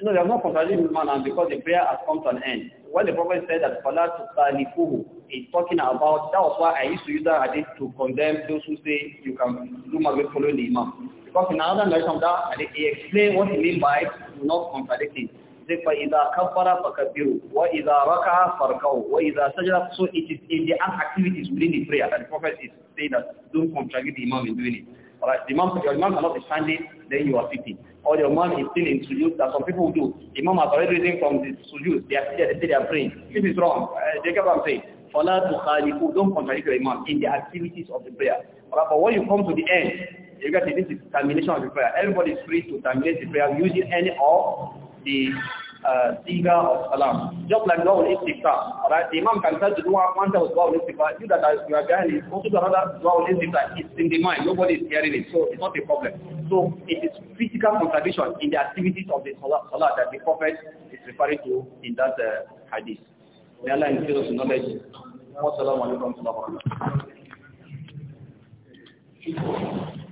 You know, they are not contradicting the man because the prayer has come to an end. When the Prophet said that Salat Salifuhu is talking about, that was why I used to use that hadith to condemn those who say you can do Maghrib following the Imam. Because in another narration of that, he explained what he meant by not contradicting. He said, فَإِذَا كَفَّرَ فَكَبِّرُوا وَإِذَا رَكَعَ فَرْكَوْا وَإِذَا سَجَدَ So it is in the activities within the prayer that the Prophet is saying that don't contradict the Imam in doing it. Alright, the Imam, your Imam cannot be standing, then you are sitting or your money is still in sujood that some people do. Imam has already risen from the sujood. They are still they are praying. This is wrong. Uh, they get what I'm saying. Fala tukhalifu, don't contradict your imam in the activities of the prayer. But but when you come to the end, you get this is termination of the prayer. Everybody is free to terminate the prayer using any of the uh, siga of salam. Just like dua al-istighfar. Alright, imam can tell the dua, one tells dua al-istighfar. You that are, you are behind is also another dua al-istighfar. It's in the mind. Nobody is hearing it. So it's not a problem. So it is physical contradiction in the activities of the salah, salah that the Prophet is referring to in that uh, hadith. May Allah increase us knowledge. Wassalamu alaikum wa rahmatullahi wa barakatuh.